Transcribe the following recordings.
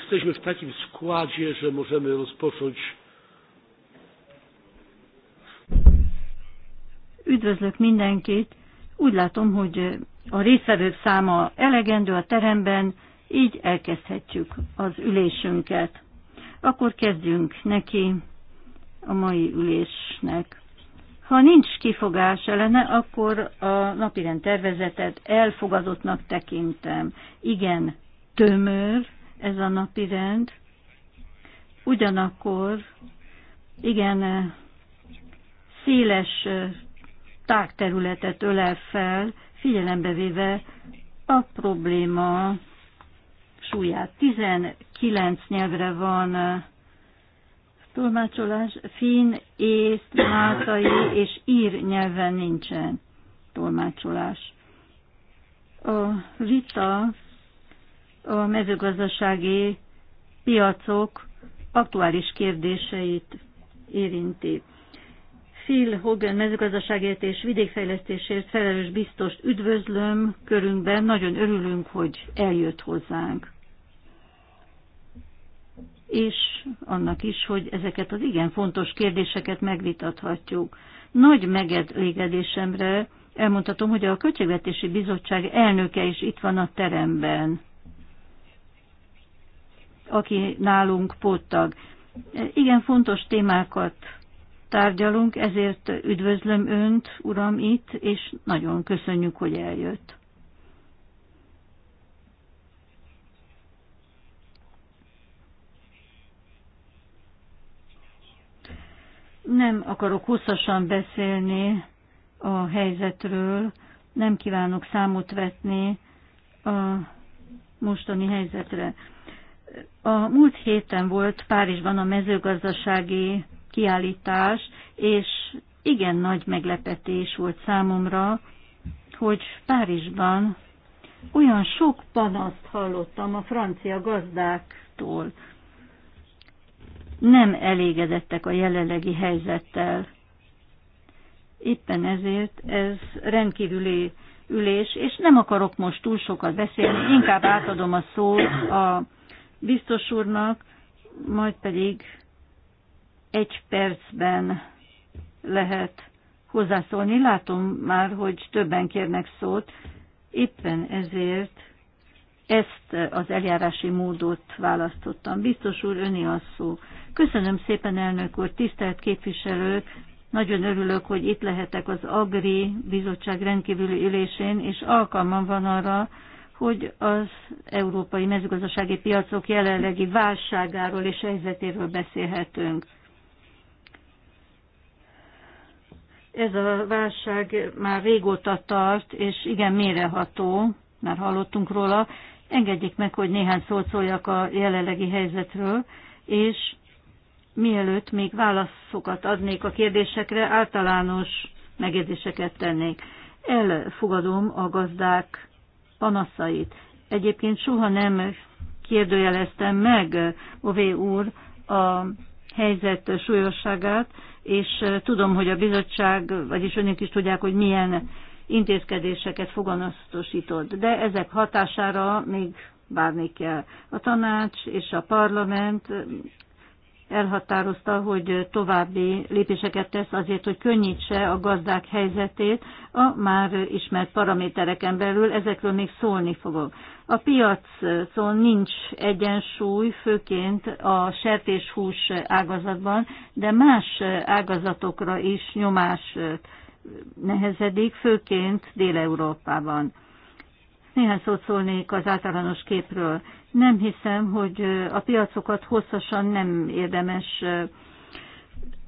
Jesteśmy w takim składzie, że możemy rozpocząć. Üdvözlök mindenkit! Úgy látom, hogy a részvevők száma elegendő a teremben, így elkezdhetjük az ülésünket. Akkor kezdjünk neki a mai ülésnek. Ha nincs kifogás ellene, akkor a napirend tervezetet elfogadottnak tekintem. Igen, tömör, ez a napi rend. Ugyanakkor igen széles tágterületet ölel fel, figyelembe véve a probléma súlyát. 19 nyelvre van tolmácsolás, finn, észt, mátai és ír nyelven nincsen tolmácsolás. A vita a mezőgazdasági piacok aktuális kérdéseit érinti. Phil Hogan mezőgazdaságért és vidékfejlesztésért felelős biztost üdvözlöm körünkben, nagyon örülünk, hogy eljött hozzánk. És annak is, hogy ezeket az igen fontos kérdéseket megvitathatjuk. Nagy megedlégedésemre elmondhatom, hogy a Költségvetési Bizottság elnöke is itt van a teremben aki nálunk póttag. Igen fontos témákat tárgyalunk, ezért üdvözlöm Önt, Uram, itt, és nagyon köszönjük, hogy eljött. Nem akarok hosszasan beszélni a helyzetről, nem kívánok számot vetni a mostani helyzetre. A múlt héten volt Párizsban a mezőgazdasági kiállítás, és igen nagy meglepetés volt számomra, hogy Párizsban olyan sok panaszt hallottam a francia gazdáktól. Nem elégedettek a jelenlegi helyzettel. Éppen ezért ez rendkívüli ülés, és nem akarok most túl sokat beszélni, inkább átadom a szót a biztos úrnak, majd pedig egy percben lehet hozzászólni. Látom már, hogy többen kérnek szót, éppen ezért ezt az eljárási módot választottam. Biztos úr, öni a szó. Köszönöm szépen, elnök úr, tisztelt képviselők, nagyon örülök, hogy itt lehetek az Agri Bizottság rendkívüli ülésén, és alkalmam van arra, hogy az európai mezőgazdasági piacok jelenlegi válságáról és helyzetéről beszélhetünk. Ez a válság már régóta tart, és igen méreható, már hallottunk róla. Engedjék meg, hogy néhány szót szóljak a jelenlegi helyzetről, és mielőtt még válaszokat adnék a kérdésekre, általános megjegyzéseket tennék. Elfogadom a gazdák panaszait. Egyébként soha nem kérdőjeleztem meg, Ové úr, a helyzet súlyosságát, és tudom, hogy a bizottság, vagyis önök is tudják, hogy milyen intézkedéseket foganasztosított, de ezek hatására még várni kell. A tanács és a parlament elhatározta, hogy további lépéseket tesz azért, hogy könnyítse a gazdák helyzetét a már ismert paramétereken belül, ezekről még szólni fogok. A piacon nincs egyensúly, főként a sertéshús ágazatban, de más ágazatokra is nyomás nehezedik, főként Dél-Európában. Néhány szót szólnék az általános képről. Nem hiszem, hogy a piacokat hosszasan nem érdemes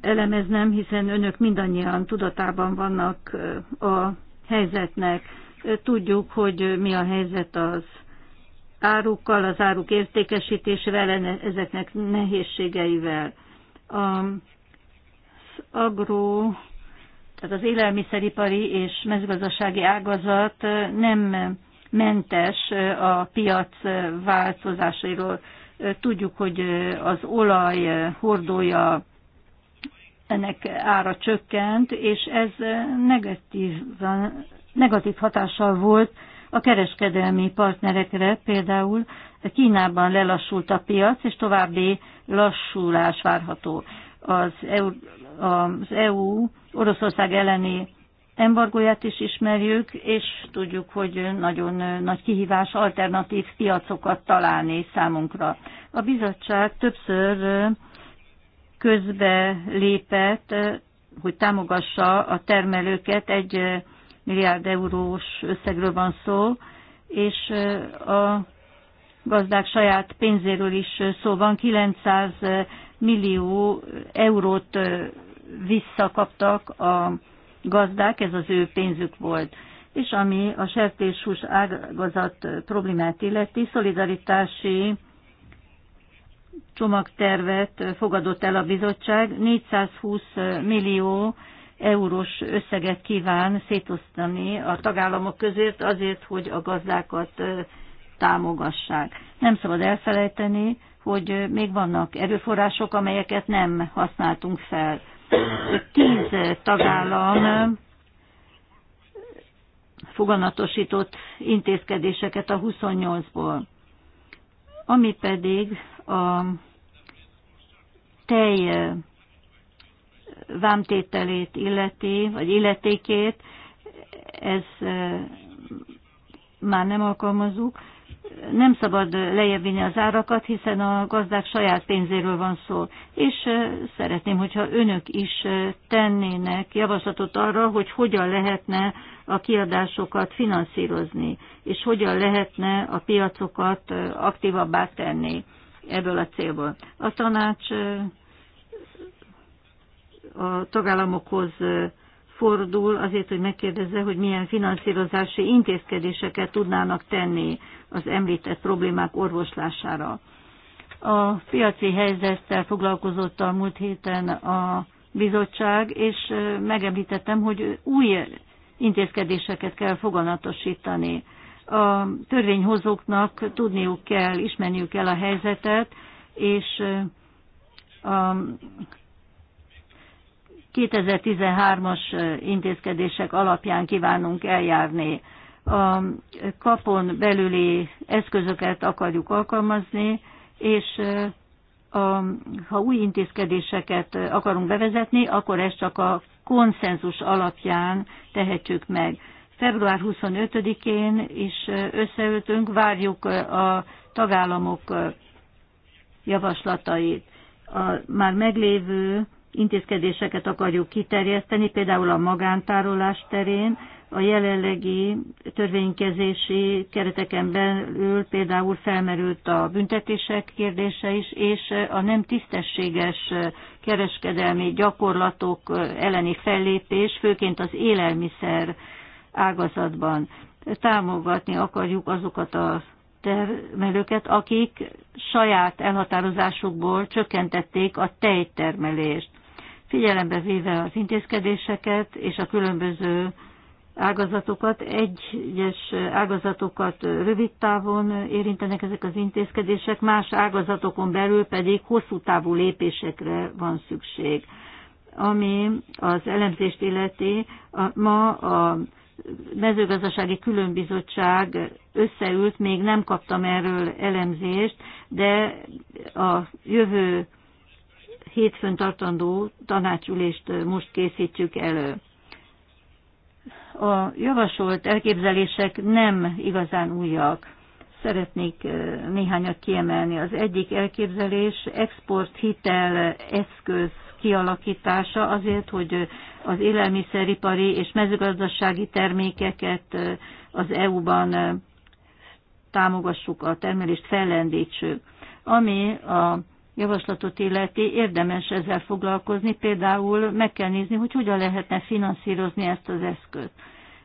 elemeznem, hiszen önök mindannyian tudatában vannak a helyzetnek. Tudjuk, hogy mi a helyzet az árukkal, az áruk értékesítésével, ezeknek nehézségeivel. Az agro, tehát az élelmiszeripari és mezgazdasági ágazat nem mentes a piac változásairól. Tudjuk, hogy az olaj hordója ennek ára csökkent, és ez negatív, negatív hatással volt a kereskedelmi partnerekre, például Kínában lelassult a piac, és további lassulás várható. Az EU, az EU Oroszország elleni embargóját is ismerjük, és tudjuk, hogy nagyon nagy kihívás alternatív piacokat találni számunkra. A bizottság többször közbe lépett, hogy támogassa a termelőket, egy milliárd eurós összegről van szó, és a gazdák saját pénzéről is szó van, 900 millió eurót visszakaptak a gazdák, ez az ő pénzük volt. És ami a sertéshús ágazat problémát illeti, szolidaritási csomagtervet fogadott el a bizottság, 420 millió eurós összeget kíván szétosztani a tagállamok között azért, hogy a gazdákat támogassák. Nem szabad elfelejteni, hogy még vannak erőforrások, amelyeket nem használtunk fel tíz eh, tagállam eh, foganatosított intézkedéseket a 28-ból. Ami pedig a tej eh, vámtételét illeti, vagy illetékét, ez már nem alkalmazunk nem szabad lejjebb vinni az árakat, hiszen a gazdák saját pénzéről van szó. És szeretném, hogyha önök is tennének javaslatot arra, hogy hogyan lehetne a kiadásokat finanszírozni, és hogyan lehetne a piacokat aktívabbá tenni ebből a célból. A tanács a tagállamokhoz fordul azért, hogy megkérdezze, hogy milyen finanszírozási intézkedéseket tudnának tenni az említett problémák orvoslására. A piaci helyzettel foglalkozott a múlt héten a bizottság, és megemlítettem, hogy új intézkedéseket kell foganatosítani. A törvényhozóknak tudniuk kell, ismerniük kell a helyzetet, és a 2013-as intézkedések alapján kívánunk eljárni. A kapon belüli eszközöket akarjuk alkalmazni, és a, ha új intézkedéseket akarunk bevezetni, akkor ezt csak a konszenzus alapján tehetjük meg. Február 25-én is összeültünk, várjuk a tagállamok javaslatait. A már meglévő intézkedéseket akarjuk kiterjeszteni, például a magántárolás terén, a jelenlegi törvénykezési kereteken belül például felmerült a büntetések kérdése is, és a nem tisztességes kereskedelmi gyakorlatok elleni fellépés, főként az élelmiszer ágazatban. Támogatni akarjuk azokat a termelőket, akik saját elhatározásukból csökkentették a tejtermelést figyelembe véve az intézkedéseket és a különböző ágazatokat, egyes ágazatokat rövid távon érintenek ezek az intézkedések, más ágazatokon belül pedig hosszú távú lépésekre van szükség. Ami az elemzést illeti, ma a mezőgazdasági különbizottság összeült, még nem kaptam erről elemzést, de a jövő hétfőn tartandó tanácsülést most készítjük elő. A javasolt elképzelések nem igazán újak. Szeretnék néhányat kiemelni. Az egyik elképzelés exporthitel eszköz kialakítása azért, hogy az élelmiszeripari és mezőgazdasági termékeket az EU-ban támogassuk, a termelést fellendítsük. Ami a javaslatot illeti, érdemes ezzel foglalkozni, például meg kell nézni, hogy hogyan lehetne finanszírozni ezt az eszközt.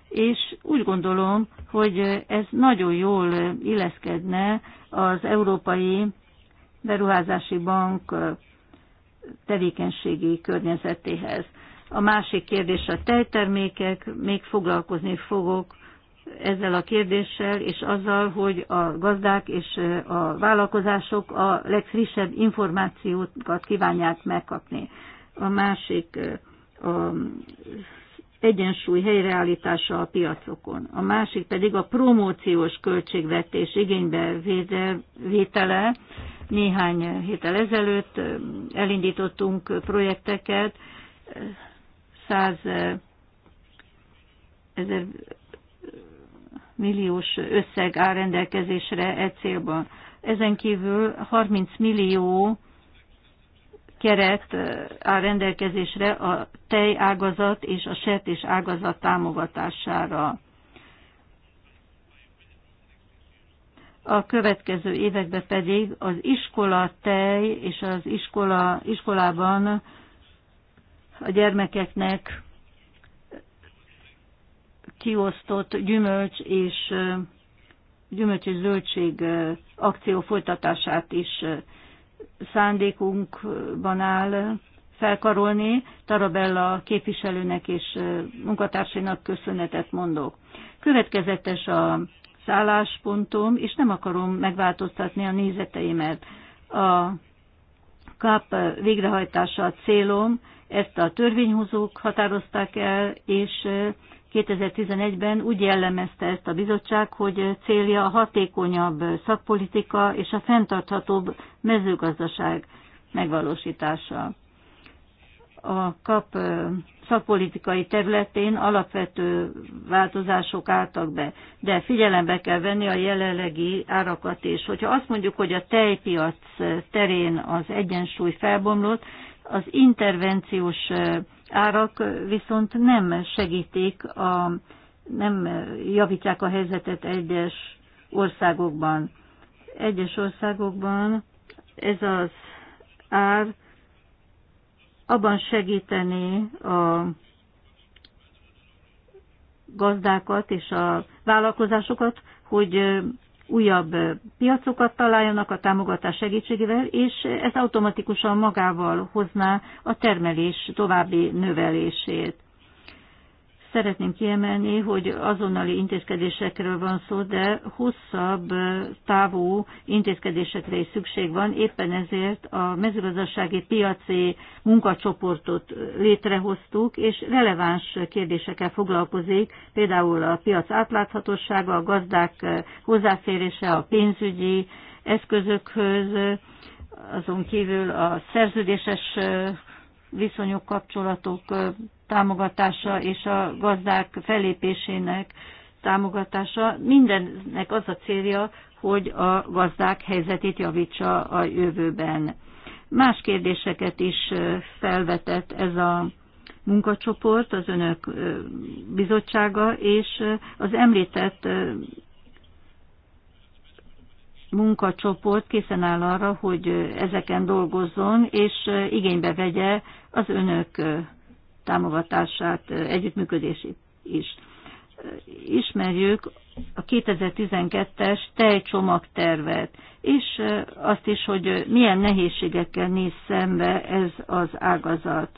És úgy gondolom, hogy ez nagyon jól illeszkedne az Európai Beruházási Bank tevékenységi környezetéhez. A másik kérdés a tejtermékek, még foglalkozni fogok ezzel a kérdéssel, és azzal, hogy a gazdák és a vállalkozások a legfrissebb információkat kívánják megkapni. A másik a egyensúly helyreállítása a piacokon. A másik pedig a promóciós költségvetés igénybe vétele. Néhány héttel ezelőtt elindítottunk projekteket, 100 ezer milliós összeg áll rendelkezésre e célban. Ezen kívül 30 millió keret áll rendelkezésre a tej ágazat és a sertés ágazat támogatására. A következő években pedig az iskola tej és az iskola, iskolában a gyermekeknek kiosztott gyümölcs és gyümölcs és zöldség akció folytatását is szándékunkban áll felkarolni. Tarabella képviselőnek és munkatársainak köszönetet mondok. Következetes a szálláspontom, és nem akarom megváltoztatni a nézeteimet. A KAP végrehajtása a célom, ezt a törvényhozók határozták el, és 2011-ben úgy jellemezte ezt a bizottság, hogy célja a hatékonyabb szakpolitika és a fenntarthatóbb mezőgazdaság megvalósítása. A kap szakpolitikai területén alapvető változások álltak be, de figyelembe kell venni a jelenlegi árakat is. Hogyha azt mondjuk, hogy a tejpiac terén az egyensúly felbomlott, az intervenciós árak viszont nem segítik, a, nem javítják a helyzetet egyes országokban. Egyes országokban ez az ár abban segíteni a gazdákat és a vállalkozásokat, hogy újabb piacokat találjanak a támogatás segítségével, és ez automatikusan magával hozná a termelés további növelését. Szeretném kiemelni, hogy azonnali intézkedésekről van szó, de hosszabb távú intézkedésekre is szükség van. Éppen ezért a mezőgazdasági piaci munkacsoportot létrehoztuk, és releváns kérdésekkel foglalkozik, például a piac átláthatósága, a gazdák hozzáférése a pénzügyi eszközökhöz, azon kívül a szerződéses viszonyok, kapcsolatok támogatása és a gazdák felépésének támogatása. Mindennek az a célja, hogy a gazdák helyzetét javítsa a jövőben. Más kérdéseket is felvetett ez a munkacsoport, az önök bizottsága, és az említett munkacsoport készen áll arra, hogy ezeken dolgozzon, és igénybe vegye az önök támogatását, együttműködését is. Ismerjük a 2012-es tejcsomagtervet, és azt is, hogy milyen nehézségekkel néz szembe ez az ágazat.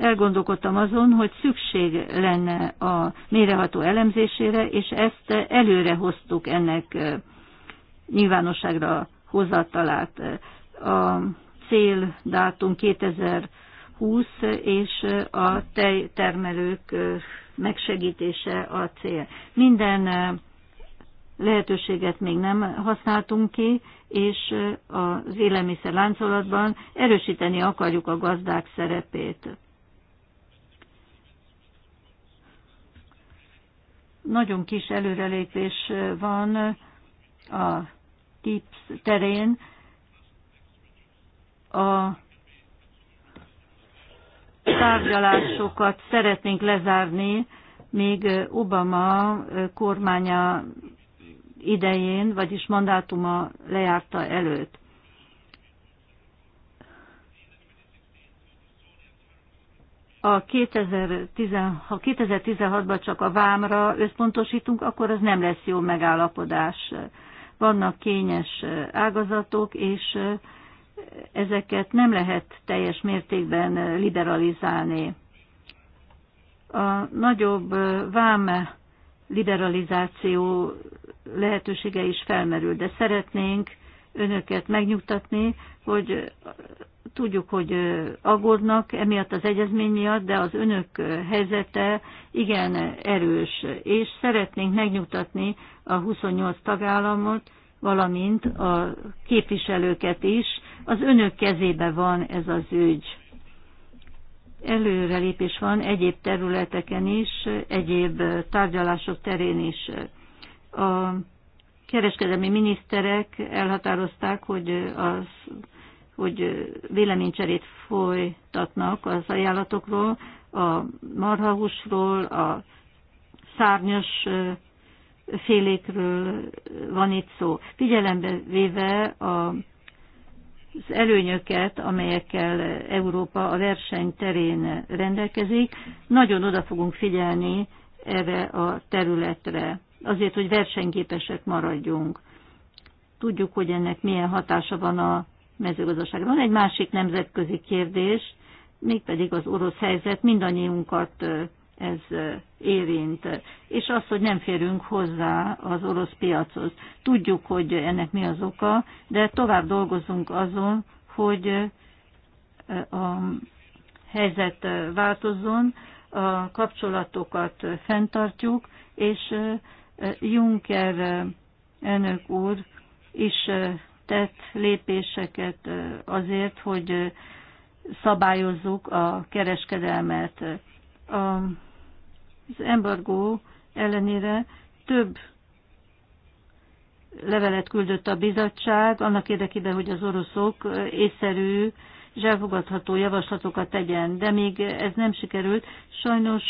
Elgondolkodtam azon, hogy szükség lenne a méreható elemzésére, és ezt előre hoztuk ennek nyilvánosságra hozatalát. A dátum 2000 20 és a tejtermelők megsegítése a cél. Minden lehetőséget még nem használtunk ki, és az élelmiszer láncolatban erősíteni akarjuk a gazdák szerepét. Nagyon kis előrelépés van a TIPS terén. A tárgyalásokat szeretnénk lezárni még Obama kormánya idején, vagyis mandátuma lejárta előtt. A 2016, ha 2016-ban csak a vámra összpontosítunk, akkor az nem lesz jó megállapodás. Vannak kényes ágazatok, és ezeket nem lehet teljes mértékben liberalizálni. A nagyobb vám liberalizáció lehetősége is felmerül, de szeretnénk önöket megnyugtatni, hogy tudjuk, hogy aggódnak emiatt az egyezmény miatt, de az önök helyzete igen erős, és szeretnénk megnyugtatni a 28 tagállamot, valamint a képviselőket is. Az önök kezébe van ez az ügy. Előrelépés van egyéb területeken is, egyéb tárgyalások terén is. A kereskedelmi miniszterek elhatározták, hogy, az, hogy véleménycserét folytatnak az ajánlatokról, a marhahúsról, a szárnyas félékről van itt szó. Figyelembe véve a az előnyöket, amelyekkel Európa a verseny terén rendelkezik. Nagyon oda fogunk figyelni erre a területre, azért, hogy versenyképesek maradjunk. Tudjuk, hogy ennek milyen hatása van a mezőgazdaságra. Van egy másik nemzetközi kérdés, mégpedig az orosz helyzet mindannyiunkat ez érint, és az, hogy nem férünk hozzá az orosz piachoz. Tudjuk, hogy ennek mi az oka, de tovább dolgozunk azon, hogy a helyzet változzon, a kapcsolatokat fenntartjuk, és Juncker elnök úr is tett lépéseket azért, hogy szabályozzuk a kereskedelmet. A az embargó ellenére több levelet küldött a bizottság, annak érdekében, hogy az oroszok észszerű és elfogadható javaslatokat tegyen. De még ez nem sikerült. Sajnos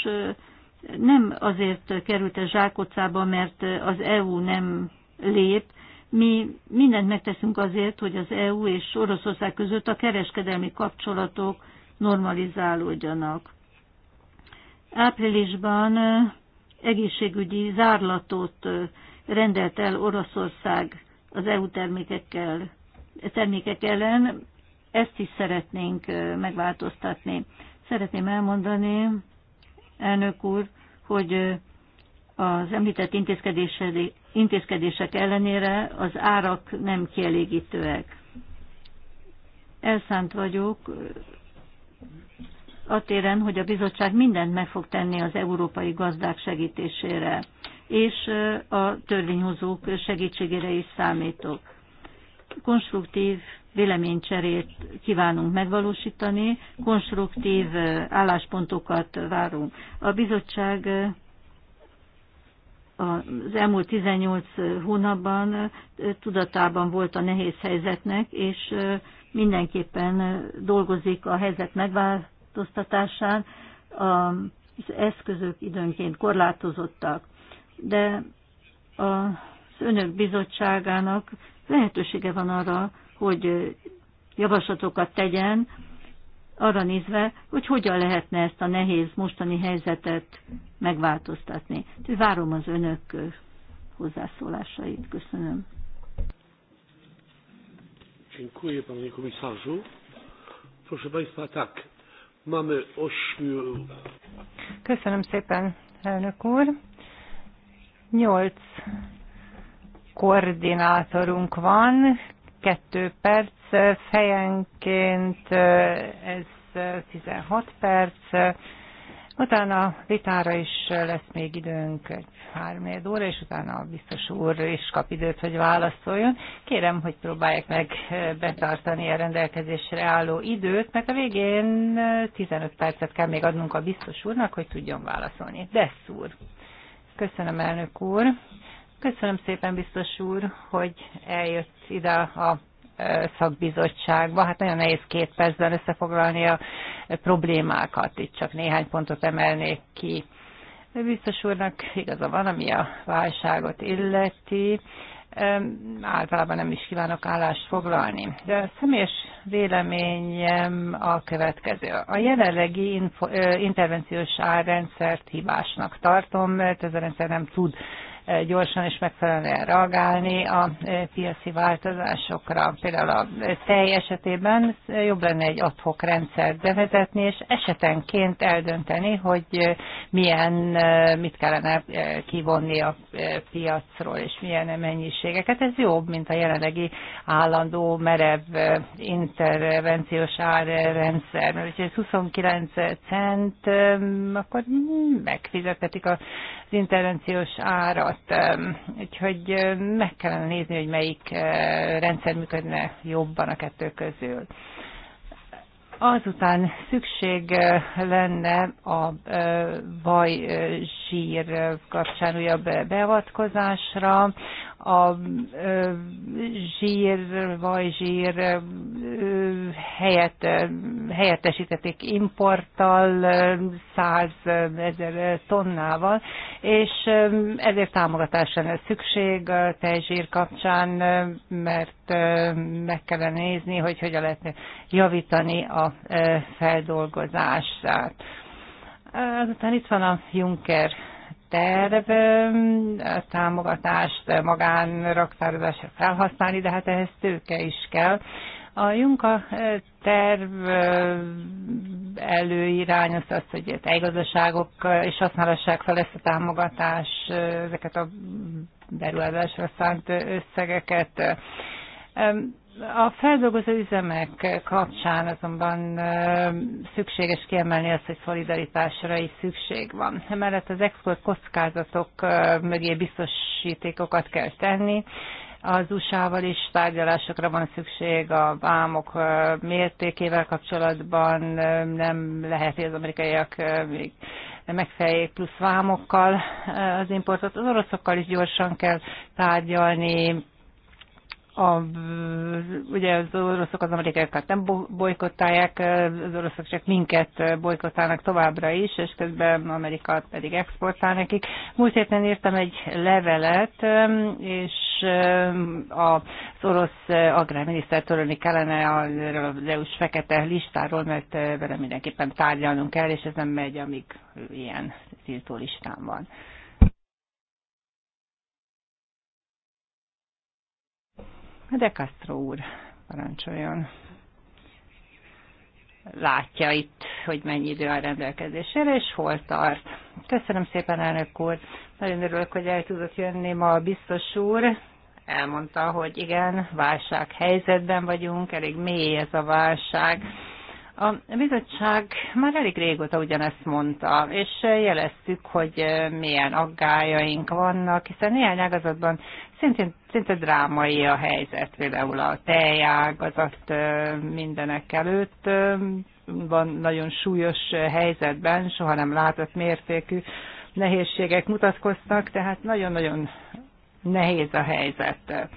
nem azért került a zsákocába, mert az EU nem lép. Mi mindent megteszünk azért, hogy az EU és Oroszország között a kereskedelmi kapcsolatok normalizálódjanak áprilisban egészségügyi zárlatot rendelt el Oroszország az EU termékekkel, e termékek ellen. Ezt is szeretnénk megváltoztatni. Szeretném elmondani, elnök úr, hogy az említett intézkedések ellenére az árak nem kielégítőek. Elszánt vagyok a téren, hogy a bizottság mindent meg fog tenni az európai gazdák segítésére, és a törvényhozók segítségére is számítok. Konstruktív véleménycserét kívánunk megvalósítani, konstruktív álláspontokat várunk. A bizottság az elmúlt 18 hónapban tudatában volt a nehéz helyzetnek, és mindenképpen dolgozik a helyzet megváltoztatására, változtatásán az eszközök időnként korlátozottak, de az önök bizottságának lehetősége van arra, hogy javaslatokat tegyen, arra nézve, hogy hogyan lehetne ezt a nehéz mostani helyzetet megváltoztatni. várom az önök hozzászólásait. Köszönöm. Dziękuję panie komisarzu. Proszę państwa, tak. Köszönöm szépen, elnök úr. Nyolc koordinátorunk van, kettő perc, fejenként ez 16 perc, Utána a vitára is lesz még időnk, egy hármelyed óra, és utána a biztos úr is kap időt, hogy válaszoljon. Kérem, hogy próbálják meg eh, betartani a rendelkezésre álló időt, mert a végén 15 eh, percet kell még adnunk a biztos úrnak, hogy tudjon válaszolni. de úr! Köszönöm, elnök úr! Köszönöm szépen, biztos úr, hogy eljött ide a szakbizottságba. Hát nagyon nehéz két percben összefoglalni a problémákat. Itt csak néhány pontot emelnék ki. De biztos úrnak igaza van, ami a válságot illeti. Általában nem is kívánok állást foglalni. De a személyes véleményem a következő. A jelenlegi info, intervenciós árrendszert hibásnak tartom, mert ez a rendszer nem tud gyorsan és megfelelően reagálni a e, piaci változásokra. Például a tej esetében jobb lenne egy adhok rendszert bevezetni, és esetenként eldönteni, hogy e, milyen, e, mit kellene kivonni a piacról, és milyen mennyiségeket. Ez jobb, mint a jelenlegi állandó, merev intervenciós árrendszer. Mert hogyha 29 cent, akkor megfizetetik a intervenciós árat. Úgyhogy meg kellene nézni, hogy melyik rendszer működne jobban a kettő közül. Azután szükség lenne a vaj zsír kapcsán újabb beavatkozásra a zsír vagy zsír helyett, helyettesítették importtal 100 ezer tonnával, és ezért támogatásra lesz szükség a tejzsír kapcsán, mert meg kellene nézni, hogy hogyan lehet javítani a feldolgozását. Azután itt van a Juncker terv támogatást magánraktározásra felhasználni, de hát ehhez tőke is kell. A Junka terv előirányozta azt, hogy gazdaságok is használassák fel ezt a támogatás, ezeket a beruházásra szánt összegeket. A feldolgozó üzemek kapcsán azonban szükséges kiemelni azt, hogy szolidaritásra is szükség van. Emellett az export kockázatok mögé biztosítékokat kell tenni, az USA-val is tárgyalásokra van szükség, a vámok mértékével kapcsolatban nem lehet, hogy az amerikaiak még megfeljék plusz vámokkal az importot. Az oroszokkal is gyorsan kell tárgyalni, a, ugye az oroszok az Amerikákat nem bolykottálják, az oroszok csak minket bolykottálnak továbbra is, és közben Amerikát pedig exportál nekik. Múlt héten írtam egy levelet, és az orosz agrárminiszter törölni kellene az EU-s fekete listáról, mert vele mindenképpen tárgyalnunk kell, és ez nem megy, amíg ilyen tiltó listán van. De Castro úr, parancsoljon. Látja itt, hogy mennyi idő a rendelkezésére, és hol tart. Köszönöm szépen, elnök úr. Nagyon örülök, hogy el tudott jönni ma a biztos úr. Elmondta, hogy igen, Válság helyzetben vagyunk, elég mély ez a válság a bizottság már elég régóta ugyanezt mondta, és jeleztük, hogy milyen aggájaink vannak, hiszen néhány ágazatban szintén, szinte drámai a helyzet, például a tejágazat mindenek előtt van nagyon súlyos helyzetben, soha nem látott mértékű nehézségek mutatkoztak, tehát nagyon-nagyon nehéz a helyzet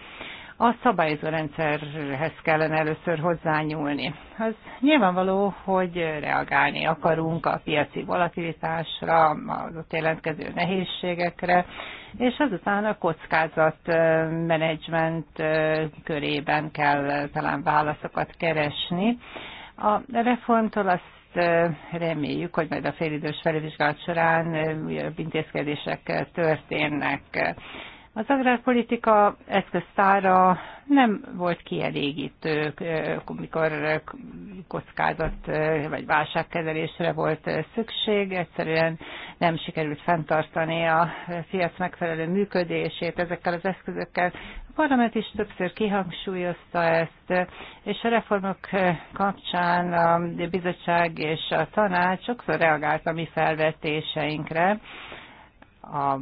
a szabályozó rendszerhez kellene először hozzányúlni. Az nyilvánvaló, hogy reagálni akarunk a piaci volatilitásra, az ott jelentkező nehézségekre, és azután a kockázat menedzsment körében kell talán válaszokat keresni. A reformtól azt reméljük, hogy majd a félidős felvizsgálat során újabb intézkedések történnek. Az agrárpolitika eszköztára nem volt kielégítő, mikor kockázat vagy válságkezelésre volt szükség, egyszerűen nem sikerült fenntartani a piac megfelelő működését ezekkel az eszközökkel. A parlament is többször kihangsúlyozta ezt, és a reformok kapcsán a bizottság és a tanács sokszor reagált a mi felvetéseinkre a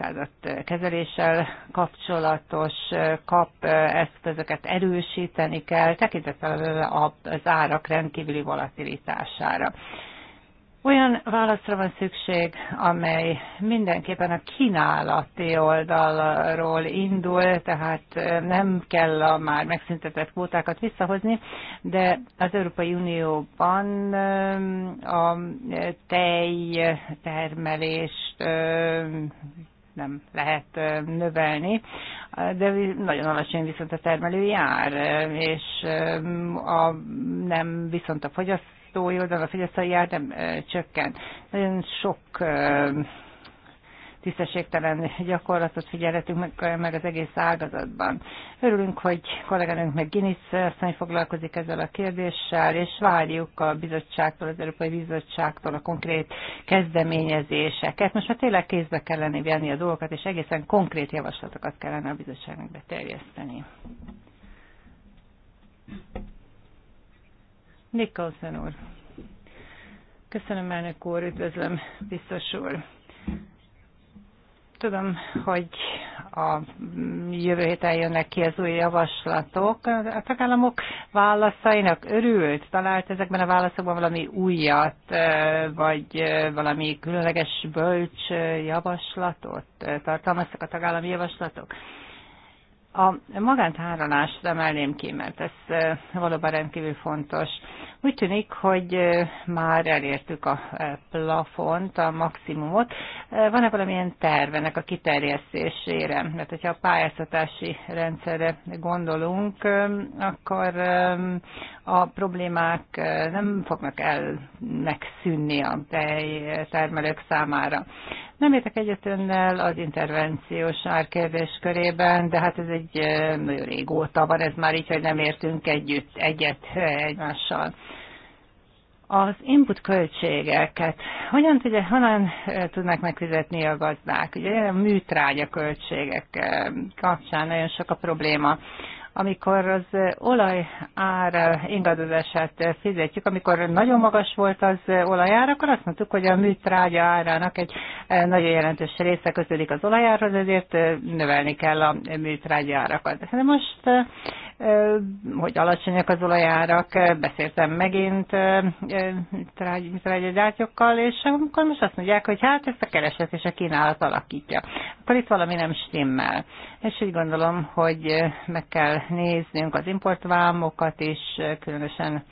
e, kezeléssel kapcsolatos e, kap e, eszközöket erősíteni kell, tekintettel az árak rendkívüli volatilitására. Olyan válaszra van szükség, amely mindenképpen a kínálati oldalról indul, tehát nem kell a már megszüntetett kvótákat visszahozni, de az Európai Unióban a tejtermelést nem lehet növelni, de nagyon alacsony viszont a termelő jár, és a, nem viszont a fogyasztói oldalon a fogyasztói jár nem csökken. Nagyon sok tisztességtelen gyakorlatot figyelhetünk meg, meg az egész ágazatban. Örülünk, hogy kolléganőnk meg Guinness asszony foglalkozik ezzel a kérdéssel, és várjuk a bizottságtól, az Európai Bizottságtól a konkrét kezdeményezéseket. Most már tényleg kézbe kellene venni a dolgokat, és egészen konkrét javaslatokat kellene a bizottságnak beterjeszteni. Nicholson úr. Köszönöm, elnök úr, üdvözlöm, biztos úr. Tudom, hogy a jövő héten jönnek ki az új javaslatok. A tagállamok válaszainak örült, talált ezekben a válaszokban valami újat, vagy valami különleges bölcs javaslatot tartalmaztak a tagállami javaslatok? A magántáralást emelném ki, mert ez valóban rendkívül fontos. Úgy tűnik, hogy már elértük a plafont, a maximumot. Van-e valamilyen tervenek a kiterjesztésére? Mert hogyha a pályáztatási rendszerre gondolunk, akkor a problémák nem fognak el megszűnni a termelők számára. Nem értek egyet önnel az intervenciós árkérdés körében, de hát ez egy eh, nagyon régóta van, ez már így, hogy nem értünk együtt egyet eh, egymással. Az input költségeket hogyan, tudja, honnan eh, tudnak megfizetni a gazdák? Ugye a műtrágya költségek kapcsán nagyon sok a probléma amikor az olaj ár ingadozását fizetjük, amikor nagyon magas volt az olajár, akkor azt mondtuk, hogy a műtrágya árának egy nagyon jelentős része kötődik az olajárhoz, ezért növelni kell a műtrágya árakat. De hát most hogy alacsonyak az olajárak, beszéltem megint trágyagyártyokkal, és akkor most azt mondják, hogy hát ezt a kereset és a kínálat alakítja. Akkor itt valami nem stimmel. És úgy gondolom, hogy meg kell néznünk az importvámokat is, különösen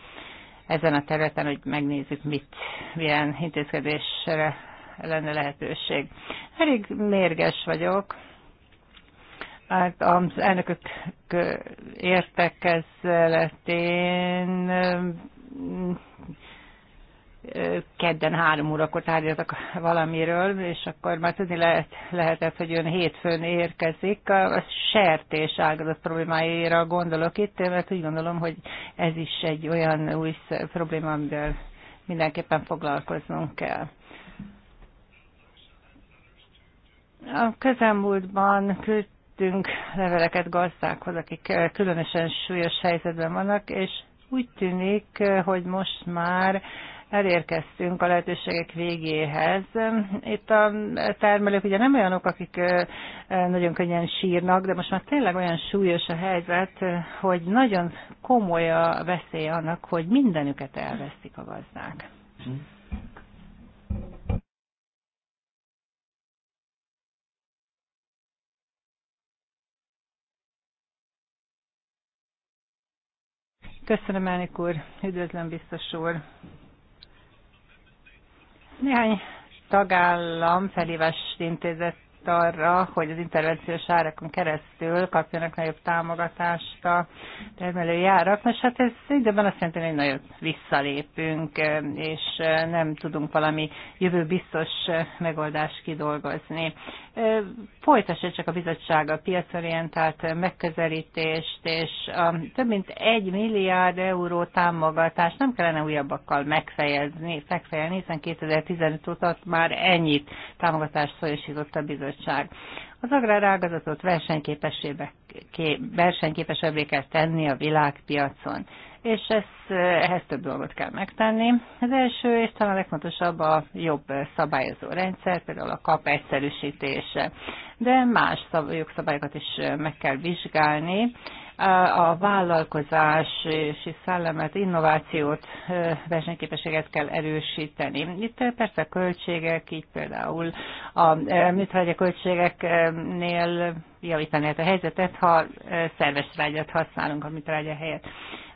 ezen a területen, hogy megnézzük, mit, milyen intézkedésre lenne lehetőség. Elég mérges vagyok, Hát az elnökök értekezletén kedden három órakor tárgyaltak valamiről, és akkor már tudni lehet, lehetett, hogy ön hétfőn érkezik. A sertés ágazat problémáira gondolok itt, mert úgy gondolom, hogy ez is egy olyan új probléma, amivel mindenképpen foglalkoznunk kell. A közelmúltban küldtünk leveleket gazdákhoz, akik eh, különösen súlyos helyzetben vannak, és úgy tűnik, eh, hogy most már elérkeztünk a lehetőségek végéhez. Itt a termelők ugye nem olyanok, akik eh, nagyon könnyen sírnak, de most már tényleg olyan súlyos a helyzet, hogy nagyon komoly a veszély annak, hogy mindenüket elveszik a gazdák. Mm. Köszönöm, elnök úr. Üdvözlöm, biztos úr. Néhány tagállam felhívást intézett itt arra, hogy az intervenciós árakon keresztül kapjanak nagyobb támogatást a termelői árak. Most hát ez időben azt jelenti, hogy nagyon visszalépünk, és nem tudunk valami jövőbiztos megoldást kidolgozni. Folytassa csak a bizottság a piacorientált megközelítést, és a több mint egy milliárd euró támogatást nem kellene újabbakkal megfejezni, megfejelni, hiszen 2015 óta már ennyit támogatást szorosított a bizottság bizottság. Az agrárágazatot versenyképesebbé kell tenni a világpiacon, és ez, ehhez több dolgot kell megtenni. Az első és talán a legfontosabb a jobb szabályozó rendszer, például a kap egyszerűsítése, de más jogszabályokat is meg kell vizsgálni, a vállalkozás és szellemet, innovációt, versenyképességet kell erősíteni. Itt persze a költségek, így például a műtrágya költségeknél javítani lehet a helyzetet, ha szerves trágyat használunk a műtrágya helyett.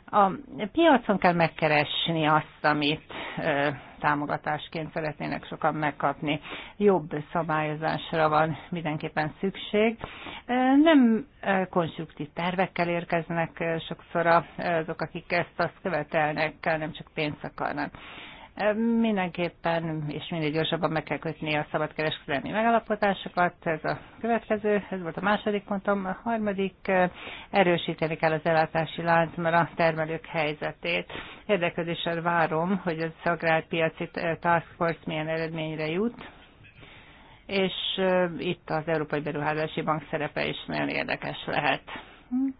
A piacon kell megkeresni azt, amit támogatásként szeretnének sokan megkapni. Jobb szabályozásra van mindenképpen szükség. Nem konstruktív tervekkel érkeznek sokszor azok, akik ezt azt követelnek, nem csak pénzt akarnak. Mindenképpen és mindig gyorsabban meg kell kötni a szabadkereskedelmi megállapodásokat. Ez a következő, ez volt a második pontom. A harmadik, eh, erősíteni kell az ellátási lánc, mert a termelők helyzetét. Érdeklődéssel várom, hogy az agrárpiaci eh, task force milyen eredményre jut és eh, itt az Európai Beruházási Bank szerepe is nagyon érdekes lehet.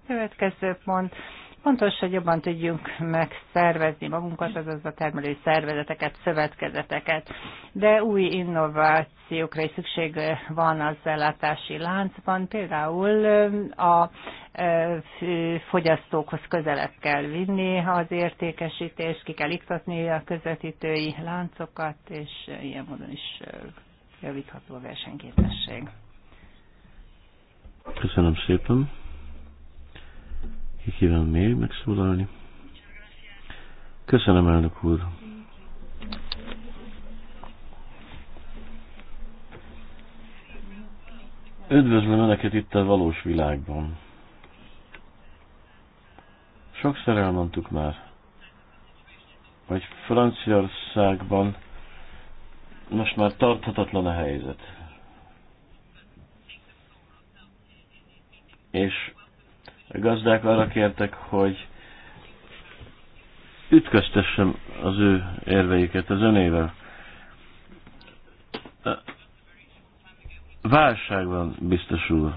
Következő pont, Fontos, hogy jobban tudjunk megszervezni magunkat, azaz a termelői szervezeteket, szövetkezeteket, de új innovációkra is szükség van az ellátási láncban. Például a fogyasztókhoz közelebb kell vinni az értékesítést, ki kell iktatni a közvetítői láncokat, és ilyen módon is javítható a versenyképesség. Köszönöm szépen. Ki kíván még megszólalni? Köszönöm, elnök úr. Üdvözlöm Önöket itt a valós világban. Sokszor elmondtuk már, hogy Franciaországban most már tarthatatlan a helyzet. És a gazdák arra kértek, hogy ütköztessem az ő érveiket az önével. Válság van, biztos úr.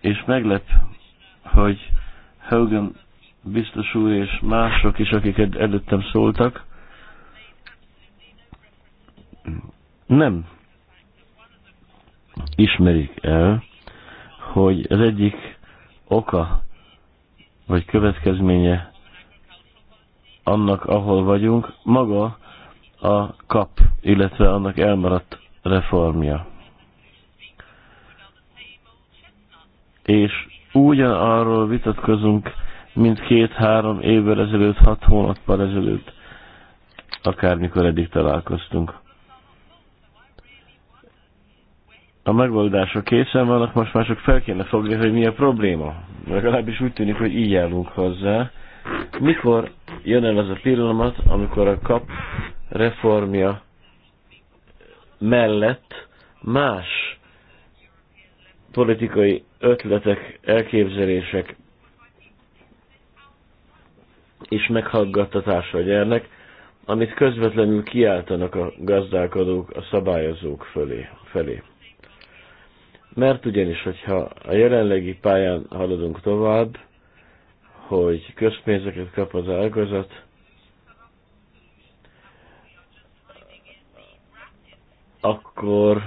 És meglep, hogy Hogan biztos úr és mások is, akik előttem szóltak, nem ismerik el, hogy az egyik oka vagy következménye annak, ahol vagyunk, maga a kap, illetve annak elmaradt reformja. És ugyanarról vitatkozunk, mint két-három évvel ezelőtt, hat hónappal ezelőtt, akármikor eddig találkoztunk. a megoldások készen vannak, most már csak fel kéne fogni, hogy mi a probléma. Legalábbis úgy tűnik, hogy így állunk hozzá. Mikor jön el az a pillanat, amikor a kap reformja mellett más politikai ötletek, elképzelések és a gyernek, amit közvetlenül kiáltanak a gazdálkodók a szabályozók fölé, felé. Mert ugyanis, hogyha a jelenlegi pályán haladunk tovább, hogy közpénzeket kap az ágazat, akkor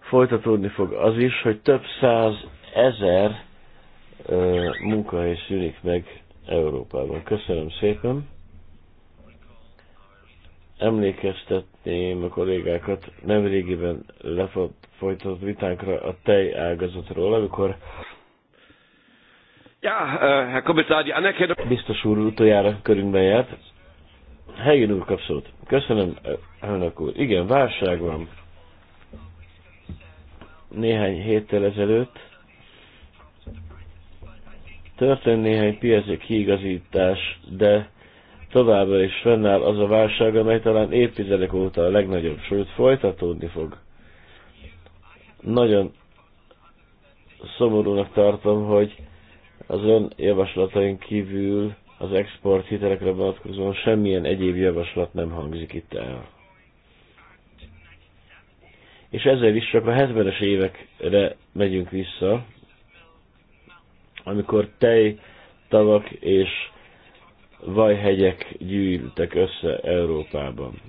folytatódni fog az is, hogy több száz ezer munkahely szűnik meg Európában. Köszönöm szépen! Emlékeztetném a kollégákat nemrégiben lefolytatott vitánkra a tej ágazatról, amikor Ja, eh, Herr Kommissar, die Anerkennung... Biztos úr utoljára körünkben járt. Helyén úr kap szót. Köszönöm, eh, elnök úr. Igen, válság van. Néhány héttel ezelőtt történt néhány piaci kiigazítás, de továbbra is fennáll az a válság, amely talán évtizedek óta a legnagyobb, sőt folytatódni fog. Nagyon szomorúnak tartom, hogy az ön javaslataink kívül az export hitelekre vonatkozóan semmilyen egyéb javaslat nem hangzik itt el. És ezzel is csak a 70-es évekre megyünk vissza, amikor tej, tavak és vajhegyek gyűltek össze Európában.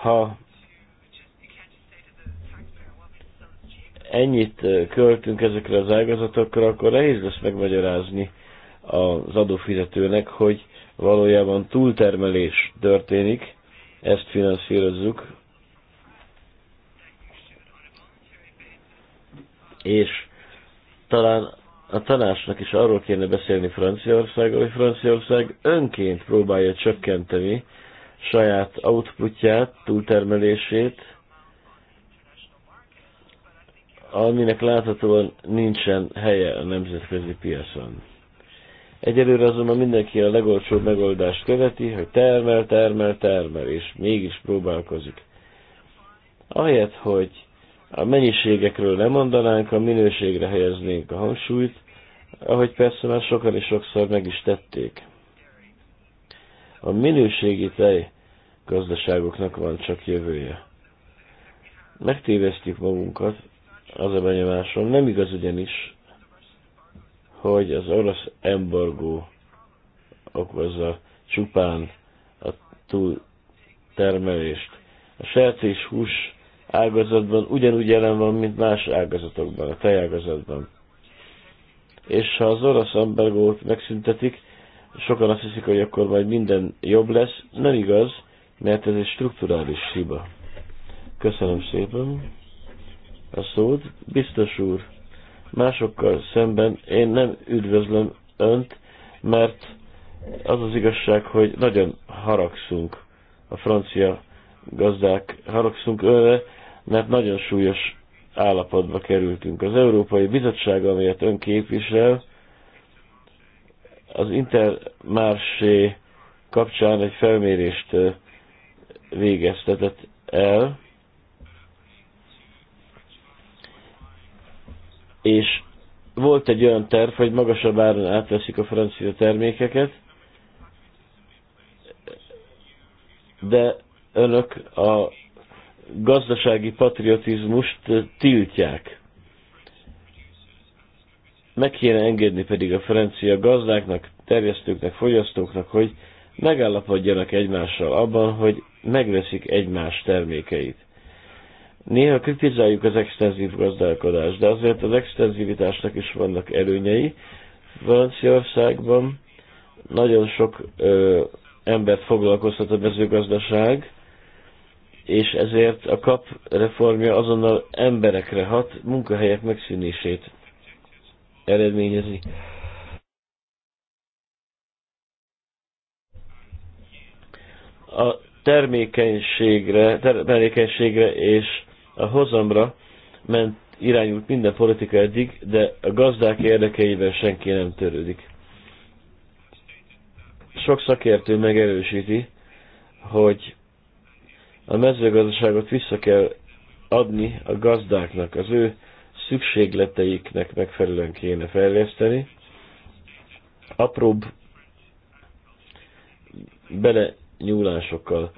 Ha ennyit költünk ezekre az ágazatokra, akkor nehéz lesz megmagyarázni az adófizetőnek, hogy valójában túltermelés történik, ezt finanszírozzuk, és talán a tanácsnak is arról kéne beszélni Franciaországról, hogy Franciaország önként próbálja csökkenteni saját outputját, túltermelését, aminek láthatóan nincsen helye a nemzetközi piacon. Egyelőre azonban mindenki a legolcsóbb megoldást követi, hogy termel, termel, termel, és mégis próbálkozik. Ahelyett, hogy a mennyiségekről lemondanánk, a minőségre helyeznénk a hangsúlyt, ahogy persze már sokan is sokszor meg is tették. A minőségi tej gazdaságoknak van csak jövője. Megtévesztjük magunkat, az a benyomásom, nem igaz ugyanis, hogy az orosz embargó okozza csupán a túltermelést. A sertés hús ágazatban ugyanúgy jelen van, mint más ágazatokban, a tejágazatban. És ha az orosz embergót megszüntetik, sokan azt hiszik, hogy akkor majd minden jobb lesz. Nem igaz, mert ez egy strukturális hiba. Köszönöm szépen a szót. Biztos úr, másokkal szemben én nem üdvözlöm önt, mert az az igazság, hogy nagyon haragszunk a francia gazdák, haragszunk önre, mert nagyon súlyos állapotba kerültünk. Az Európai Bizottság, amelyet ön képvisel, az Intermarché kapcsán egy felmérést végeztetett el, és volt egy olyan terv, hogy magasabb áron átveszik a francia termékeket, de önök a gazdasági patriotizmust eh, tiltják. Meg kéne engedni pedig a francia gazdáknak, terjesztőknek, fogyasztóknak, hogy megállapodjanak egymással abban, hogy megveszik egymás termékeit. Néha kritizáljuk az extenzív gazdálkodást, de azért az extenzivitásnak is vannak előnyei. Franciaországban nagyon sok ö, embert foglalkoztat a mezőgazdaság, és ezért a kap reformja azonnal emberekre hat, munkahelyek megszűnését eredményezi. A termékenységre, termékenységre és a hozamra ment irányult minden politika eddig, de a gazdák érdekeivel senki nem törődik. Sok szakértő megerősíti, hogy a mezőgazdaságot vissza kell adni a gazdáknak, az ő szükségleteiknek megfelelően kéne fejleszteni. Apróbb bele nyúlásokkal.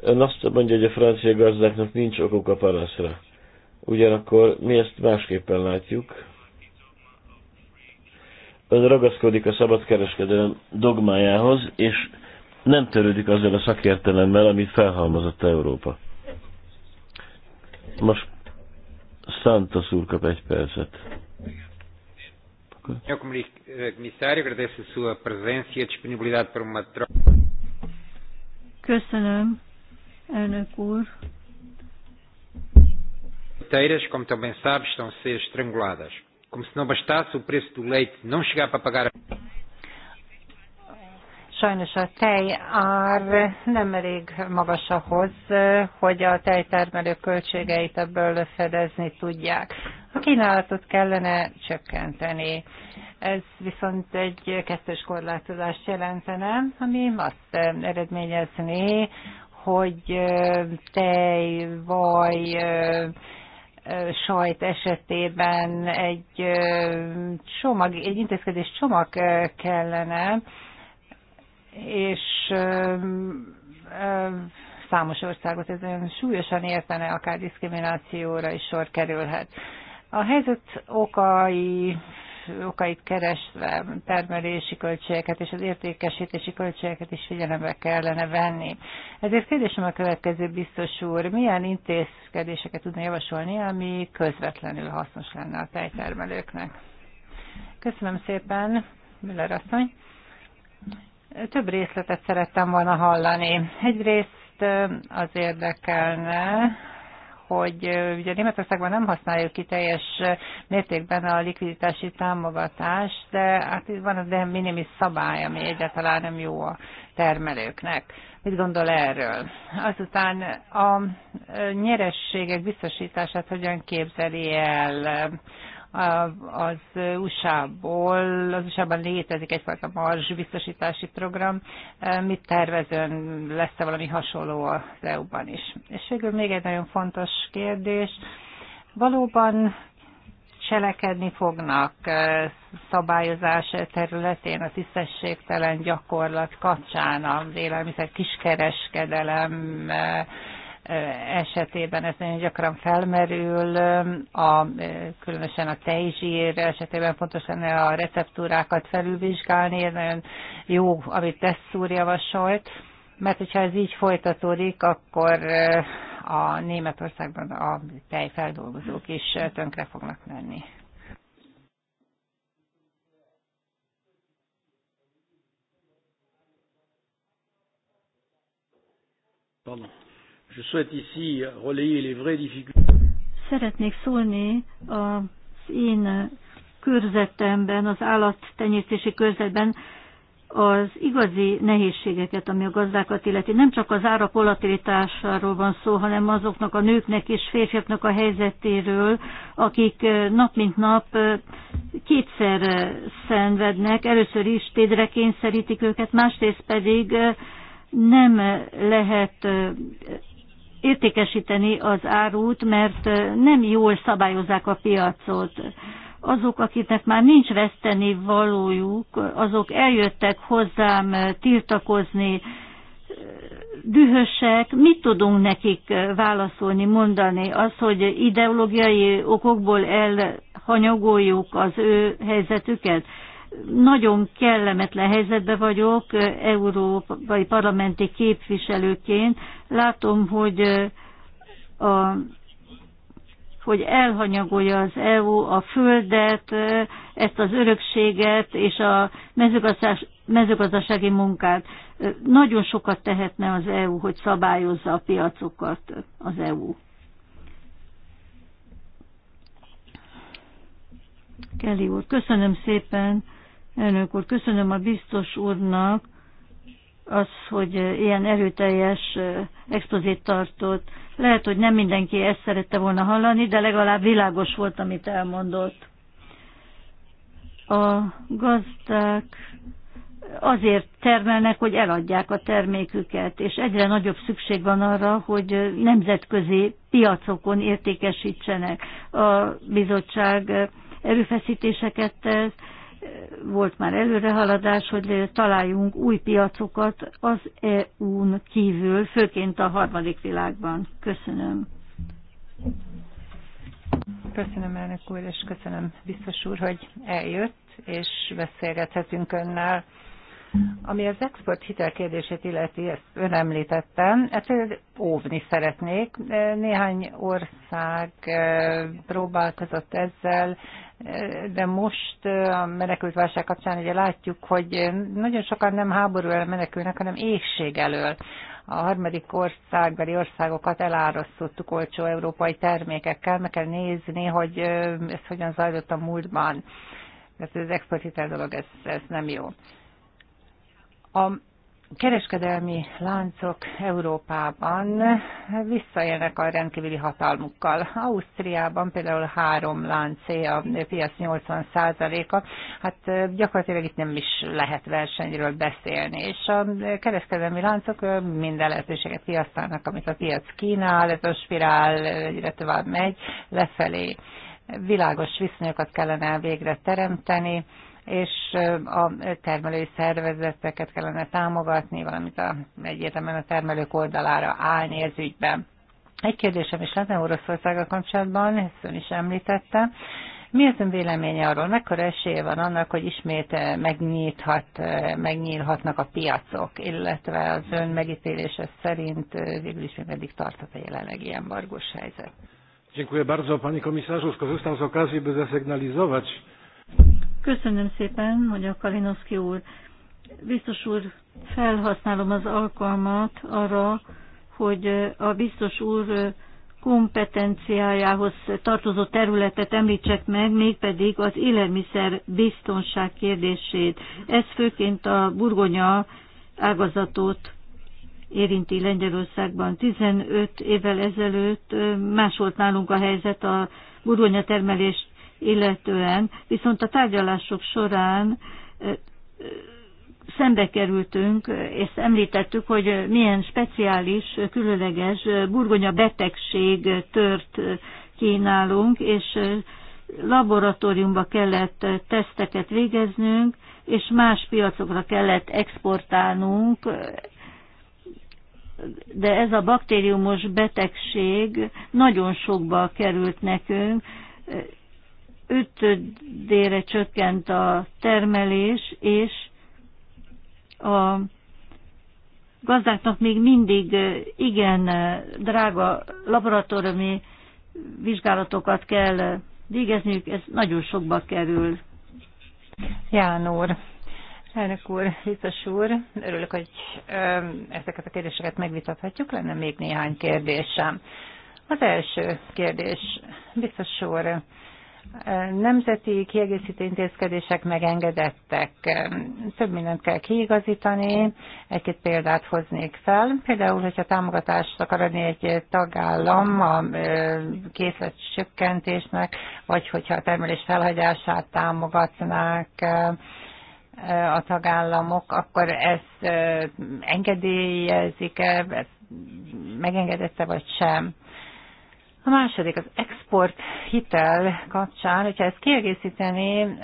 Ön azt mondja, hogy a francia gazdáknak nincs okuk a panaszra. Ugyanakkor mi ezt másképpen látjuk. Ön ragaszkodik a szabadkereskedelem dogmájához, és nem törődik azzal a szakértelemmel, amit felhalmozott Európa. Most Santa úr kap egy percet. Senhor Comissário, agradeço a sua presença e a disponibilidade para uma troca. Köszönöm, elnök úr. Teiras, como também sabe, estão a ser estranguladas. Como se não bastasse, o preço do leite não chegar para pagar a... Sajnos a tejár nem elég magas ahhoz, hogy a tejtermelő költségeit ebből fedezni tudják. A kínálatot kellene csökkenteni. Ez viszont egy kettős korlátozást jelentene, ami azt eredményezné, hogy tej, vaj, sajt esetében egy csomag, egy intézkedés csomag kellene, és számos országot ez olyan súlyosan értene, akár diszkriminációra is sor kerülhet. A helyzet okai okait keresve termelési költségeket és az értékesítési költségeket is figyelembe kellene venni. Ezért kérdésem a következő biztos úr, milyen intézkedéseket tudna javasolni, ami közvetlenül hasznos lenne a tejtermelőknek? Köszönöm szépen, Müller asszony. Több részletet szerettem volna hallani. Egyrészt az érdekelne, hogy ugye Németországban nem használjuk ki teljes mértékben a likviditási támogatást, de hát itt van az de minimis szabály, ami egyáltalán nem jó a termelőknek. Mit gondol erről? Azután a nyerességek biztosítását hogyan képzeli el? az USA-ból, az USA-ban létezik egyfajta marzs biztosítási program, e, mit tervezőn lesz-e valami hasonló az EU-ban is. És végül még egy nagyon fontos kérdés, valóban cselekedni fognak e, szabályozás területén a tisztességtelen gyakorlat kapcsán az élelmiszer kiskereskedelem e, esetében ez nagyon gyakran felmerül, a, különösen a tejzsír esetében fontos lenne a receptúrákat felülvizsgálni, ez nagyon jó, amit tesz úr javasolt, mert hogyha ez így folytatódik, akkor a Németországban a tejfeldolgozók is tönkre fognak menni. Köszönöm. Je souhaite ici relayer les vraies difficultés. Szeretnék szólni az én körzetemben, az állattenyésztési körzetben az igazi nehézségeket, ami a gazdákat illeti. Nem csak az árak volatilitásáról van szó, hanem azoknak a nőknek és férfiaknak a helyzetéről, akik eh, nap mint nap eh, kétszer eh, szenvednek. Először is tédre kényszerítik őket, másrészt pedig nem lehet értékesíteni az árut, mert nem jól szabályozzák a piacot. Azok, akiknek már nincs veszteni valójuk, azok eljöttek hozzám tiltakozni, dühösek, mit tudunk nekik válaszolni, mondani? Az, hogy ideológiai okokból elhanyagoljuk az ő helyzetüket? Nagyon kellemetlen helyzetben vagyok európai parlamenti képviselőként. Látom, hogy, a, hogy elhanyagolja az EU a földet, ezt az örökséget és a mezőgazdas, mezőgazdasági munkát. Nagyon sokat tehetne az EU, hogy szabályozza a piacokat az EU. Kelly úr, köszönöm szépen. Elnök úr, köszönöm a biztos úrnak az, hogy ilyen erőteljes expozét tartott. Lehet, hogy nem mindenki ezt szerette volna hallani, de legalább világos volt, amit elmondott. A gazdák azért termelnek, hogy eladják a terméküket, és egyre nagyobb szükség van arra, hogy nemzetközi piacokon értékesítsenek. A bizottság erőfeszítéseket tesz, volt már előrehaladás, hogy találjunk új piacokat az EU-n kívül, főként a harmadik világban. Köszönöm. Köszönöm, elnök úr, és köszönöm biztos úr, hogy eljött, és beszélgethetünk önnel. Ami az export hitel kérdését illeti, ezt ön említette, Ezt hát óvni szeretnék. Néhány ország eh, próbálkozott ezzel, de most a válság kapcsán ugye látjuk, hogy nagyon sokan nem háború el menekülnek, hanem égség elől. A harmadik országbeli országokat elárasztottuk olcsó európai termékekkel, meg kell nézni, hogy ez hogyan zajlott a múltban. Ez az exporthitel dolog, ez, ez nem jó. A kereskedelmi láncok Európában visszaélnek a rendkívüli hatalmukkal. Ausztriában például három láncé a piac 80%-a, hát gyakorlatilag itt nem is lehet versenyről beszélni, és a kereskedelmi láncok minden lehetőséget piasztálnak, amit a piac kínál, ez a spirál egyre tovább megy lefelé. Világos viszonyokat kellene végre teremteni, és a termelői szervezeteket kellene támogatni, valamint a, egyértelműen a termelők oldalára állni ez ügyben. Egy kérdésem is lenne Oroszországa kapcsolatban, ezt ön is említette. Mi az ön véleménye arról, mekkora esélye van annak, hogy ismét megnyithat, megnyílhatnak a piacok, illetve az ön megítélése szerint végül is meddig tartott a jelenlegi embargós helyzet? Dziękuję bardzo, panie komisarzu. Skorzystam z okazji, by zasygnalizować Köszönöm szépen, mondja Kalinowski úr. Biztos úr, felhasználom az alkalmat arra, hogy a biztos úr kompetenciájához tartozó területet említsek meg, mégpedig az élelmiszer biztonság kérdését. Ez főként a burgonya ágazatot érinti Lengyelországban. 15 évvel ezelőtt más volt nálunk a helyzet, a burgonya termelés illetően, viszont a tárgyalások során szembe kerültünk, és említettük, hogy milyen speciális, különleges burgonya betegség tört kínálunk, és laboratóriumba kellett teszteket végeznünk, és más piacokra kellett exportálnunk, de ez a baktériumos betegség nagyon sokba került nekünk, ötödére csökkent a termelés, és a gazdáknak még mindig igen drága laboratóriumi vizsgálatokat kell végezniük, ez nagyon sokba kerül. Jánor, elnök úr, biztos úr, örülök, hogy ezeket a kérdéseket megvitathatjuk, lenne még néhány kérdésem. Az első kérdés, biztos úr, nemzeti kiegészítő intézkedések megengedettek. Több mindent kell kiigazítani, egy-két példát hoznék fel. Például, hogyha támogatást akar adni egy tagállam a készlet csökkentésnek, vagy hogyha a termelés felhagyását támogatnák, a tagállamok, akkor ez engedélyezik-e, megengedette vagy sem. A második az export hitel kapcsán, hogyha ezt kiegészíteni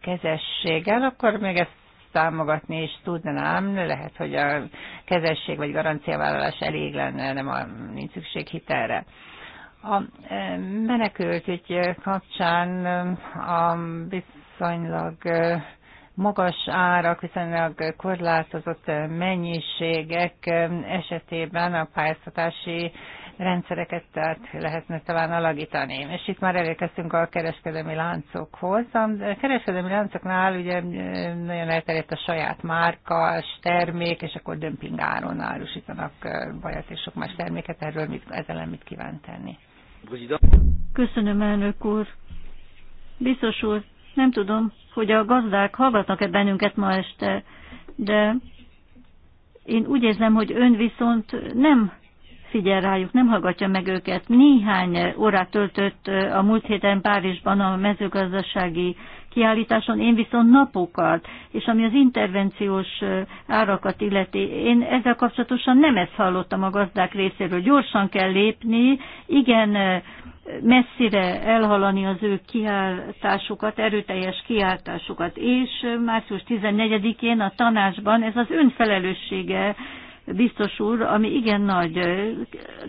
kezességgel, akkor még ezt támogatni is tudnám, lehet, hogy a kezesség vagy garanciavállalás elég lenne, nem a, nincs szükség hitelre. A menekült ügy kapcsán a viszonylag magas árak, viszonylag korlátozott mennyiségek esetében a pályáztatási rendszereket tehát lehetne talán alakítani. És itt már elérkeztünk a kereskedelmi láncokhoz. A kereskedelmi láncoknál ugye nagyon elterjedt a saját márka, termék, és akkor dömping áron árusítanak bajat és sok más terméket. Erről mit, ezzel mit kíván tenni? Köszönöm, elnök úr. Biztos úr, nem tudom, hogy a gazdák hallgatnak-e bennünket ma este, de én úgy érzem, hogy ön viszont nem figyel rájuk, nem hallgatja meg őket. Néhány órát töltött a múlt héten Párizsban a mezőgazdasági kiállításon, én viszont napokat, és ami az intervenciós árakat illeti, én ezzel kapcsolatosan nem ezt hallottam a gazdák részéről. Gyorsan kell lépni, igen, messzire elhalani az ő kiáltásukat, erőteljes kiáltásukat. És március 14-én a tanácsban ez az önfelelőssége, biztos úr, ami igen nagy.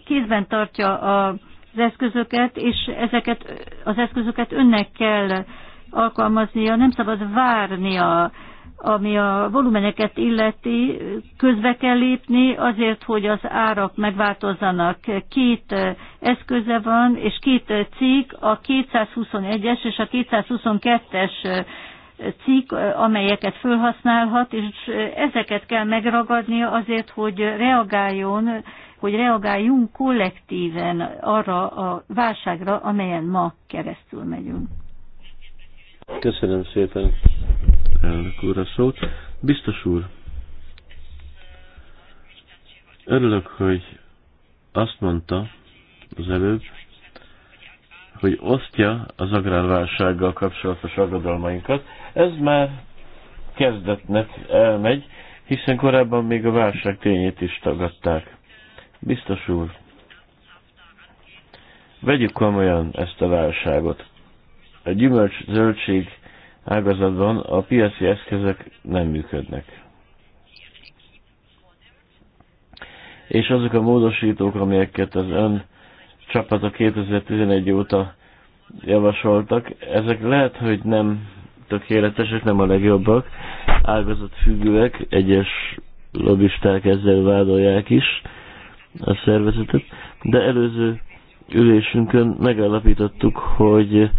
Kézben tartja az eszközöket, és ezeket az eszközöket önnek kell alkalmaznia, nem szabad várnia, ami a volumeneket illeti, közbe kell lépni azért, hogy az árak megváltozzanak. Két eszköze van, és két cikk, a 221-es és a 222-es cikk, amelyeket felhasználhat, és ezeket kell megragadnia azért, hogy reagáljon, hogy reagáljunk kollektíven arra a válságra, amelyen ma keresztül megyünk. Köszönöm szépen, elnök úr, a szót. Biztos úr, örülök, hogy azt mondta az előbb, hogy osztja az agrárválsággal kapcsolatos aggodalmainkat, ez már kezdetnek elmegy, hiszen korábban még a válság tényét is tagadták. Biztos úr, vegyük komolyan ezt a válságot. A gyümölcs-zöldség ágazatban a piaci eszközök nem működnek. És azok a módosítók, amelyeket az ön csapata 2011 óta javasoltak, ezek lehet, hogy nem tökéletesek, nem a legjobbak, ágazatfüggőek, egyes lobbisták ezzel vádolják is a szervezetet, de előző ülésünkön megállapítottuk, hogy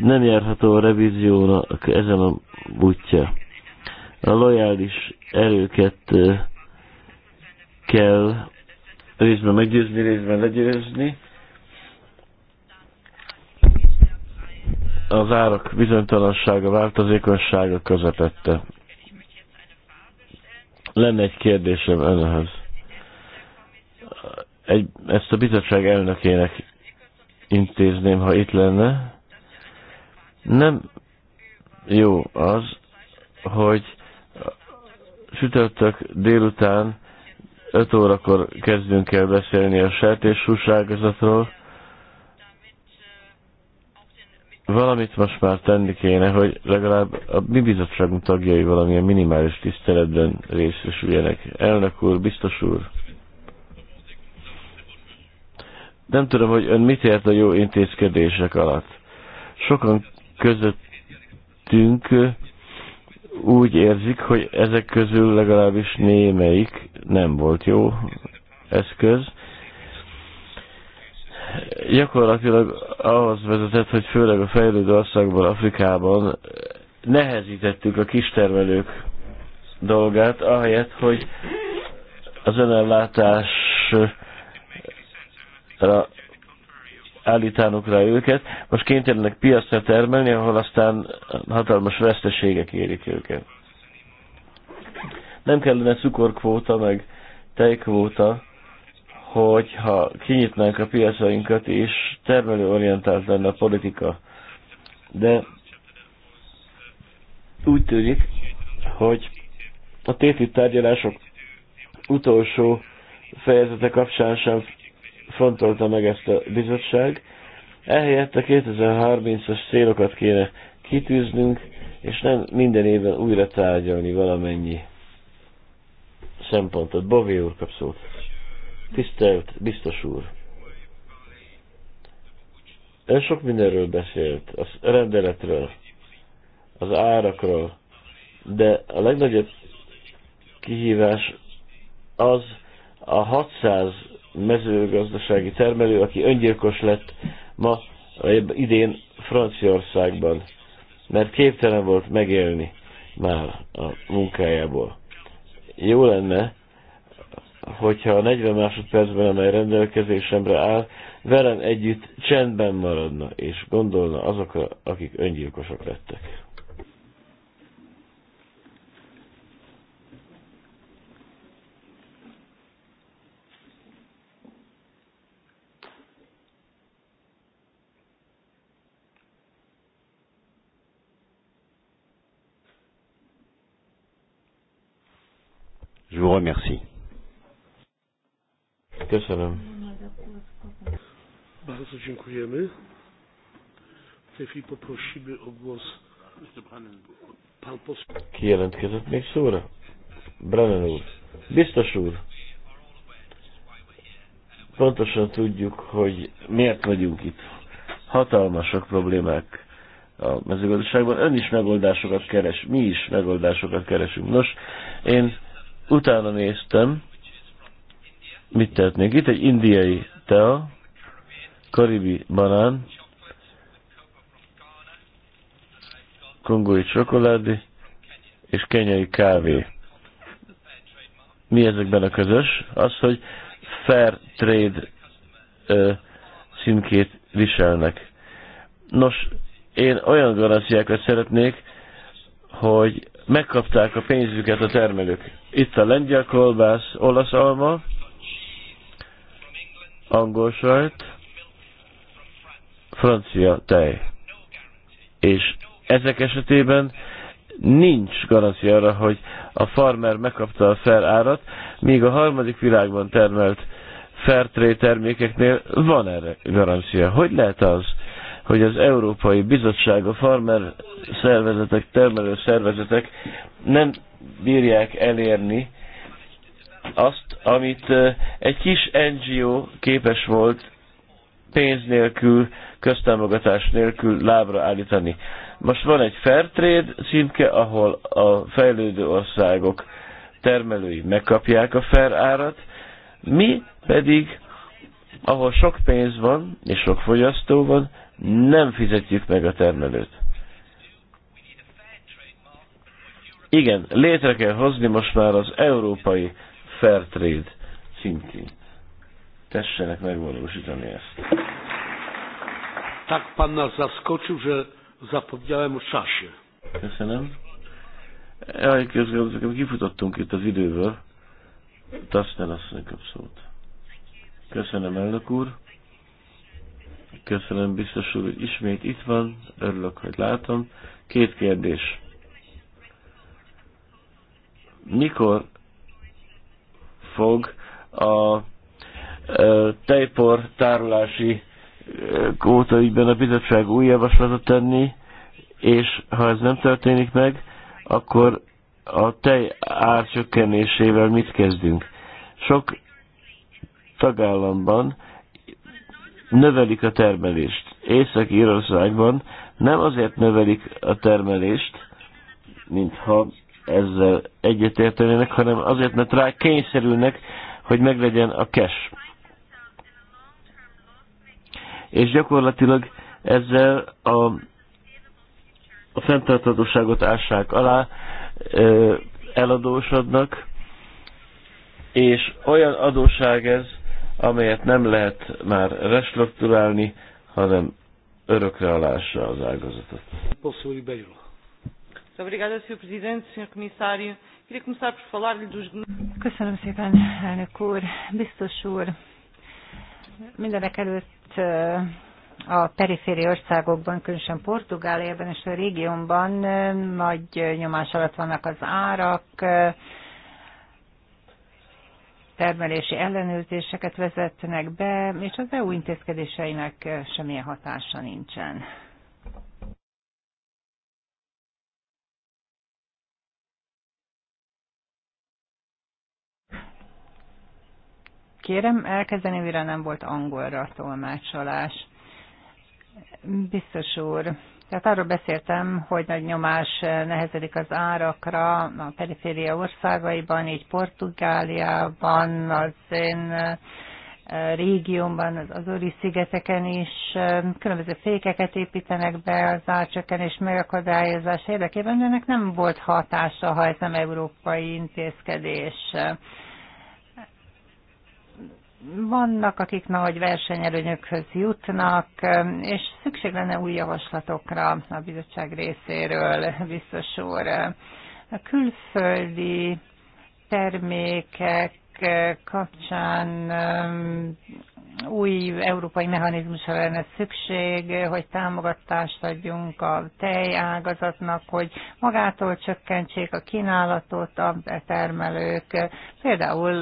nem járható a revíziónak ezen a útja. A lojális erőket kell részben meggyőzni, részben legyőzni, az árak bizonytalansága, változékonysága közepette. Lenne egy kérdésem önhöz. Egy, ezt a bizottság elnökének intézném, ha itt lenne. Nem jó az, hogy sütöttök délután 5 órakor kezdünk el beszélni a sertéshúságazatról, valamit most már tenni kéne, hogy legalább a mi bizottságunk tagjai valamilyen minimális tiszteletben részesüljenek. Elnök úr, biztos úr. Nem tudom, hogy ön mit ért a jó intézkedések alatt. Sokan közöttünk úgy érzik, hogy ezek közül legalábbis némelyik nem volt jó eszköz gyakorlatilag ahhoz vezetett, hogy főleg a fejlődő országban, Afrikában nehezítettük a kistermelők dolgát, ahelyett, hogy az önellátásra állítánuk rá őket, most kénytelenek piacra termelni, ahol aztán hatalmas veszteségek érik őket. Nem kellene cukorkvóta, meg tejkvóta, hogyha kinyitnánk a piacainkat, és termelőorientált lenne a politika. De úgy tűnik, hogy a téti tárgyalások utolsó fejezete kapcsán sem fontolta meg ezt a bizottság. Ehelyett a 2030-as célokat kéne kitűznünk, és nem minden évben újra tárgyalni valamennyi szempontot. Bové úr kap szót. Tisztelt biztos úr! Ön sok mindenről beszélt, a rendeletről, az árakról, de a legnagyobb kihívás az a 600 mezőgazdasági termelő, aki öngyilkos lett ma, idén Franciaországban, mert képtelen volt megélni már a munkájából. Jó lenne, hogyha a 40 másodpercben, amely rendelkezésemre áll, velem együtt csendben maradna, és gondolna azokra, akik öngyilkosok lettek. Je vous remercie. Köszönöm. Bardzo dziękujemy. W tej chwili poprosimy o głos pan posł. poseł. Kijelentkezett még szóra? Brennan úr. Biztos úr. Pontosan tudjuk, hogy miért vagyunk itt. Hatalmasak problémák a mezőgazdaságban. Ön is megoldásokat keres, mi is megoldásokat keresünk. Nos, én utána néztem, mit tehetnénk? Itt egy indiai tea, karibi banán, kongói csokoládé és kenyai kávé. Mi ezekben a közös? Az, hogy fair trade ö, címkét viselnek. Nos, én olyan garanciákat szeretnék, hogy megkapták a pénzüket a termelők. Itt a lengyel kolbász, olasz alma, angol sajt, francia tej. És ezek esetében nincs garancia arra, hogy a farmer megkapta a fair árat, míg a harmadik világban termelt trade termékeknél van erre garancia. Hogy lehet az, hogy az Európai Bizottság, a farmer szervezetek, termelő szervezetek nem bírják elérni azt, amit egy kis NGO képes volt pénz nélkül, köztámogatás nélkül lábra állítani. Most van egy Fairtrade címke, ahol a fejlődő országok termelői megkapják a fair árat, mi pedig, ahol sok pénz van és sok fogyasztó van, nem fizetjük meg a termelőt. Igen, létre kell hozni most már az európai fair trade címkén. Tessenek megvalósítani ezt. Tak panna zaskoczył, że zapomniałem o czasie. Köszönöm. Jaj, közgazdaságban kifutottunk itt az időből. Tasznál asszony kap szót. Köszönöm, elnök úr. Köszönöm, biztos úr, hogy ismét itt van. Örülök, hogy látom. Két kérdés. Mikor fog a tejpor tárolási kóta ügyben a bizottság új javaslatot tenni, és ha ez nem történik meg, akkor a tej árcsökkenésével mit kezdünk? Sok tagállamban növelik a termelést. Észak-Írországban nem azért növelik a termelést, mintha ezzel egyetértenének, hanem azért, mert rá kényszerülnek, hogy meglegyen a cash. És gyakorlatilag ezzel a, a fenntarthatóságot ássák alá, eladósodnak, és olyan adóság ez, amelyet nem lehet már restrukturálni, hanem örökre alássa az ágazatot. Bosszúri bejön. Obrigada, Sr. Presidente, Sr. Comissário. Queria começar por falar-lhe dos... Köszönöm szépen, elnök úr, biztos úr. Mindenek előtt a periféri országokban, különösen Portugáliában és a régiónban nagy nyomás alatt vannak az árak, termelési ellenőrzéseket vezetnek be, és az EU intézkedéseinek semmilyen hatása nincsen. kérem elkezdeni, mire nem volt angolra a tolmácsolás. Biztos úr, tehát arról beszéltem, hogy nagy nyomás nehezedik az árakra a periféria országaiban, így Portugáliában, az én régiómban, az Azori szigeteken is különböző fékeket építenek be az árcsökkenés megakadályozás érdekében, de ennek nem volt hatása, ha ez nem európai intézkedés vannak, akik nagy versenyelőnyökhöz jutnak, és szükség lenne új javaslatokra a bizottság részéről, biztos úr. A külföldi termékek kapcsán új európai mechanizmusra lenne szükség, hogy támogatást adjunk a tejágazatnak, hogy magától csökkentsék a kínálatot a termelők, például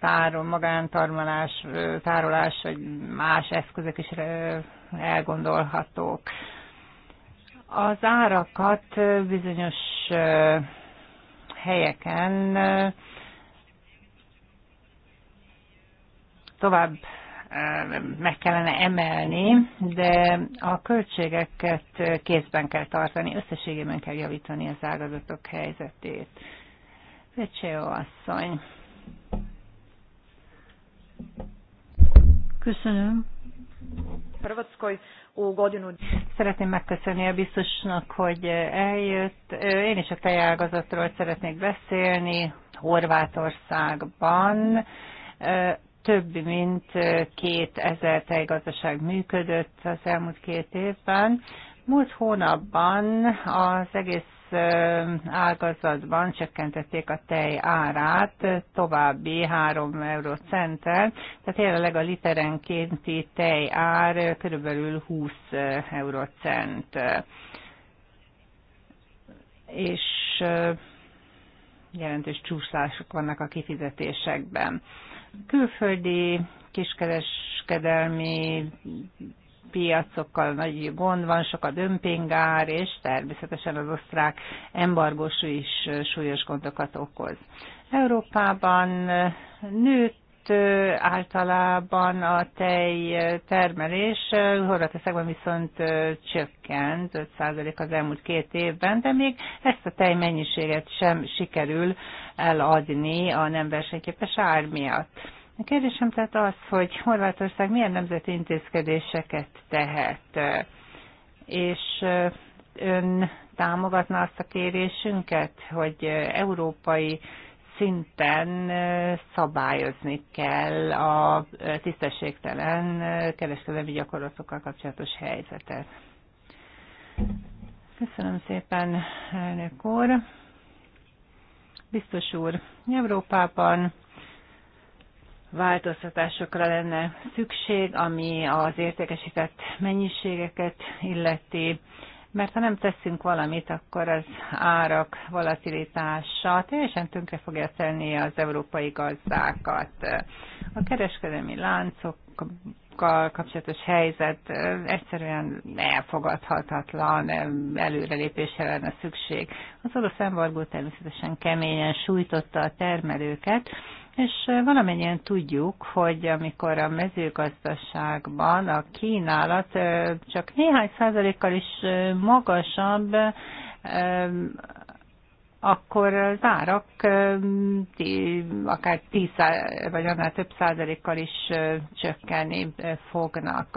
tárol, magántarmalás, tárolás vagy más eszközök is elgondolhatók. Az árakat bizonyos helyeken tovább eh, meg kellene emelni, de a költségeket kézben kell tartani, összességében kell javítani az ágazatok helyzetét. Vecseó asszony. Köszönöm. Szeretném megköszönni a biztosnak, hogy eljött. Én is a tejágazatról szeretnék beszélni. Horvátországban több mint két ezer tejgazdaság működött az elmúlt két évben. Múlt hónapban az egész ágazatban csökkentették a tej árát további 3 eurocenttel, tehát jelenleg a literenkénti tej ár körülbelül 20 cent, És jelentős csúszások vannak a kifizetésekben. Külföldi kiskereskedelmi piacokkal nagy gond van, sok a dömpingár, és természetesen az osztrák embargós is súlyos gondokat okoz. Európában nőtt általában a tej termelés, Horvátországban viszont csökkent 5% az elmúlt két évben, de még ezt a tej mennyiséget sem sikerül eladni a nem versenyképes ár miatt. A kérdésem tehát az, hogy Horvátország milyen nemzeti intézkedéseket tehet, és ön támogatna azt a kérésünket, hogy európai szinten szabályozni kell a tisztességtelen kereskedelmi gyakorlatokkal kapcsolatos helyzetet. Köszönöm szépen, elnök úr. Biztos úr, Európában változtatásokra lenne szükség, ami az értékesített mennyiségeket illeti mert ha nem teszünk valamit, akkor az árak volatilitása teljesen tönkre fogja tenni az európai gazdákat. A kereskedelmi láncokkal kapcsolatos helyzet egyszerűen elfogadhatatlan, előrelépésre lenne szükség. Az orosz embargó természetesen keményen sújtotta a termelőket, és valamennyien tudjuk, hogy amikor a mezőgazdaságban a kínálat csak néhány százalékkal is magasabb, akkor az árak akár 10 vagy annál több százalékkal is csökkenni fognak.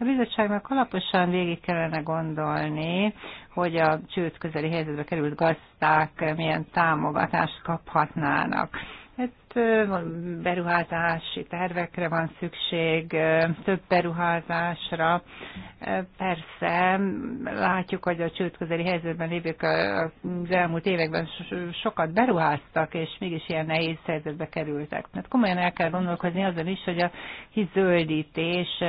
A bizottságnak alaposan végig kellene gondolni, hogy a csőd közeli helyzetbe került gazdák milyen támogatást kaphatnának. Hát beruházási tervekre van szükség, több beruházásra. Persze, látjuk, hogy a csődközeli helyzetben lévők az elmúlt években sokat beruháztak, és mégis ilyen nehéz helyzetbe kerültek. Mert hát komolyan el kell gondolkozni azon is, hogy a hizöldítés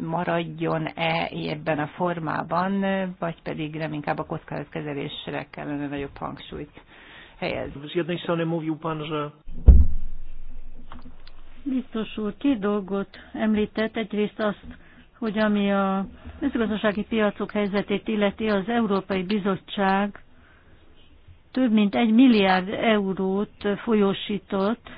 maradjon-e ebben a formában, vagy pedig nem inkább a kockázatkezelésre kellene nagyobb hangsúlyt helyez. Z jednej strony mówił pan, że... Biztos úr, két dolgot említett. Egyrészt azt, hogy ami a mezőgazdasági piacok helyzetét illeti, az Európai Bizottság több mint egy milliárd eurót folyósított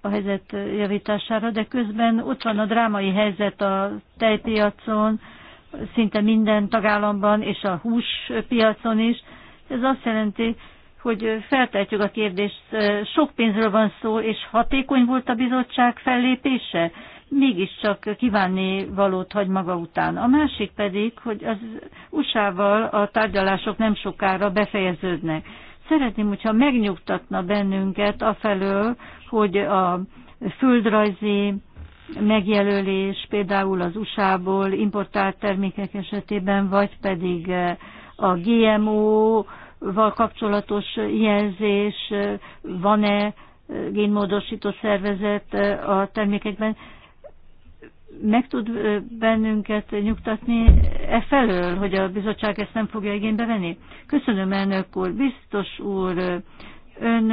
a helyzet javítására, de közben ott van a drámai helyzet a tejpiacon, szinte minden tagállamban és a húspiacon is. Ez azt jelenti, hogy feltehetjük a kérdést, sok pénzről van szó, és hatékony volt a bizottság fellépése? Mégiscsak kívánni valót hagy maga után. A másik pedig, hogy az USA-val a tárgyalások nem sokára befejeződnek. Szeretném, hogyha megnyugtatna bennünket afelől, hogy a földrajzi megjelölés például az USA-ból importált termékek esetében, vagy pedig a GMO val kapcsolatos jelzés, van-e génmódosító szervezet a termékekben, meg tud bennünket nyugtatni e felől, hogy a bizottság ezt nem fogja igénybe venni? Köszönöm, elnök úr, biztos úr, ön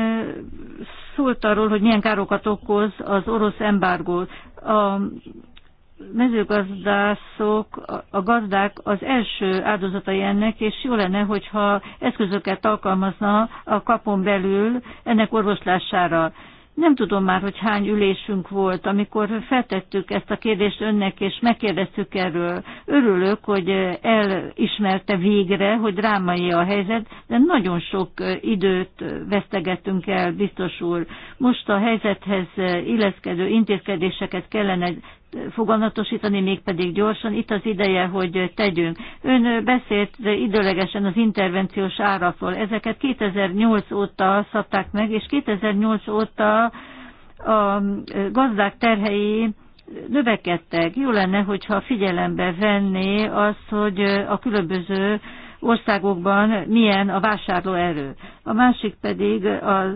szólt arról, hogy milyen károkat okoz az orosz embargó. A mezőgazdászok, a gazdák az első áldozatai ennek, és jó lenne, hogyha eszközöket alkalmazna a kapon belül ennek orvoslására. Nem tudom már, hogy hány ülésünk volt, amikor feltettük ezt a kérdést önnek, és megkérdeztük erről. Örülök, hogy elismerte végre, hogy drámai a helyzet, de nagyon sok időt vesztegettünk el, biztos úr. Most a helyzethez illeszkedő intézkedéseket kellene foganatosítani, mégpedig gyorsan. Itt az ideje, hogy tegyünk. Ön beszélt időlegesen az intervenciós árakról. Ezeket 2008 óta szabták meg, és 2008 óta a gazdák terhei növekedtek. Jó lenne, hogyha figyelembe venné az, hogy a különböző országokban milyen a vásárlóerő. A másik pedig a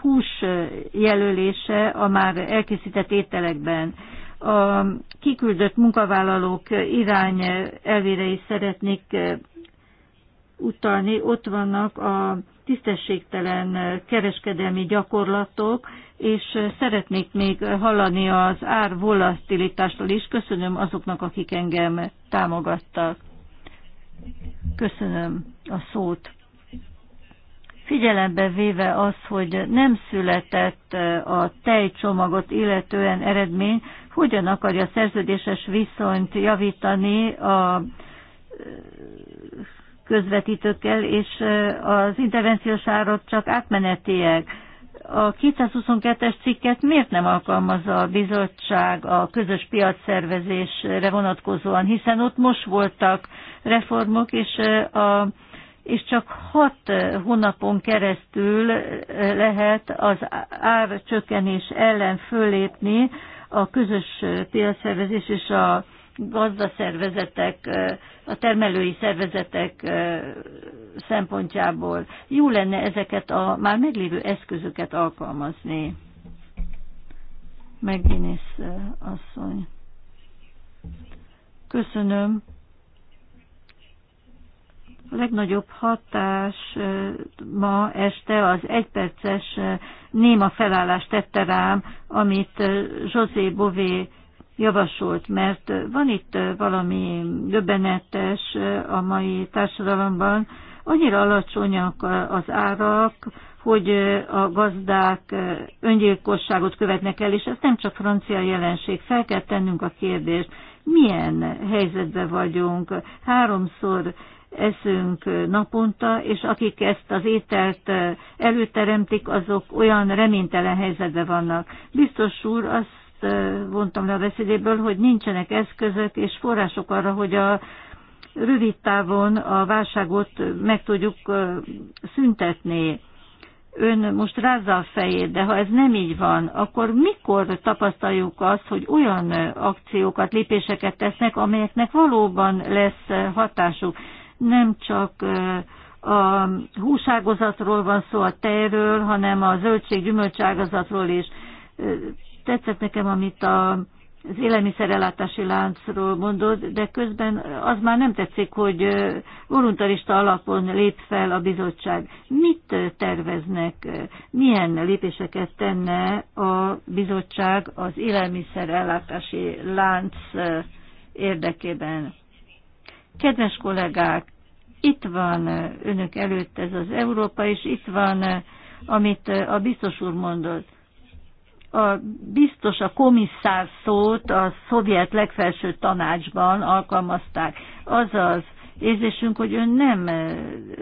hús jelölése a már elkészített ételekben a kiküldött munkavállalók irány elvére is szeretnék eh, utalni. Ott vannak a tisztességtelen kereskedelmi gyakorlatok, és szeretnék még hallani az ár volatilitástól is. Köszönöm azoknak, akik engem támogattak. Köszönöm a szót. Figyelembe véve az, hogy nem született eh, a tejcsomagot illetően eredmény, hogyan akarja a szerződéses viszonyt javítani a közvetítőkkel, és az intervenciós árok csak átmenetiek. A 222-es cikket miért nem alkalmazza a bizottság a közös piacszervezésre vonatkozóan, hiszen ott most voltak reformok, és, a, és csak hat hónapon keresztül lehet az árcsökkenés ellen fölépni, a közös piacszervezés és a gazdaszervezetek, a termelői szervezetek szempontjából jó lenne ezeket a már meglévő eszközöket alkalmazni. Megvinész asszony. Köszönöm. A legnagyobb hatás ma este az egyperces néma felállást tette rám, amit José Bové javasolt, mert van itt valami döbbenetes a mai társadalomban, annyira alacsonyak az árak, hogy a gazdák öngyilkosságot követnek el, és ez nem csak francia jelenség. Fel kell tennünk a kérdést, milyen helyzetben vagyunk. Háromszor eszünk naponta, és akik ezt az ételt előteremtik, azok olyan reménytelen helyzetben vannak. Biztos úr, azt vontam le a beszédéből, hogy nincsenek eszközök és források arra, hogy a rövid távon a válságot meg tudjuk szüntetni. Ön most rázza a fejét, de ha ez nem így van, akkor mikor tapasztaljuk azt, hogy olyan akciókat, lépéseket tesznek, amelyeknek valóban lesz hatásuk? nem csak a húságozatról van szó, a tejről, hanem a zöldség gyümölcságazatról is. Tetszett nekem, amit a, az élelmiszerellátási láncról mondod, de közben az már nem tetszik, hogy voluntarista alapon lép fel a bizottság. Mit terveznek, milyen lépéseket tenne a bizottság az élelmiszerellátási lánc érdekében? Kedves kollégák, itt van önök előtt ez az Európa, és itt van, amit a biztos úr mondott. A biztos a komisszár szót a szovjet legfelső tanácsban alkalmazták. Azaz, érzésünk, hogy ön nem,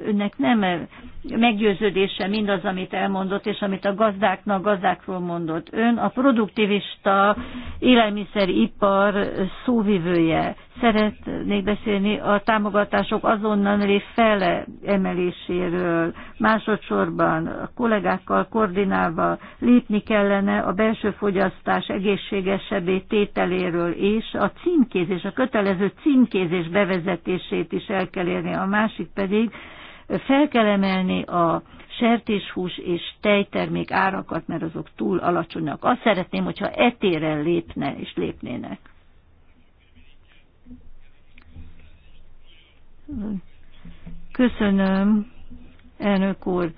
önnek nem meggyőződése mindaz, amit elmondott, és amit a gazdáknak, gazdákról mondott. Ön a produktivista élelmiszeripar szóvivője. Szeretnék beszélni a támogatások azonnali fele emeléséről. Másodszorban a kollégákkal koordinálva lépni kellene a belső fogyasztás egészségesebbé tételéről és a címkézés, a kötelező címkézés bevezetését is el kell érni. A másik pedig fel kell emelni a sertéshús és tejtermék árakat, mert azok túl alacsonyak. Azt szeretném, hogyha etéren lépne és lépnének. Köszönöm, elnök úr.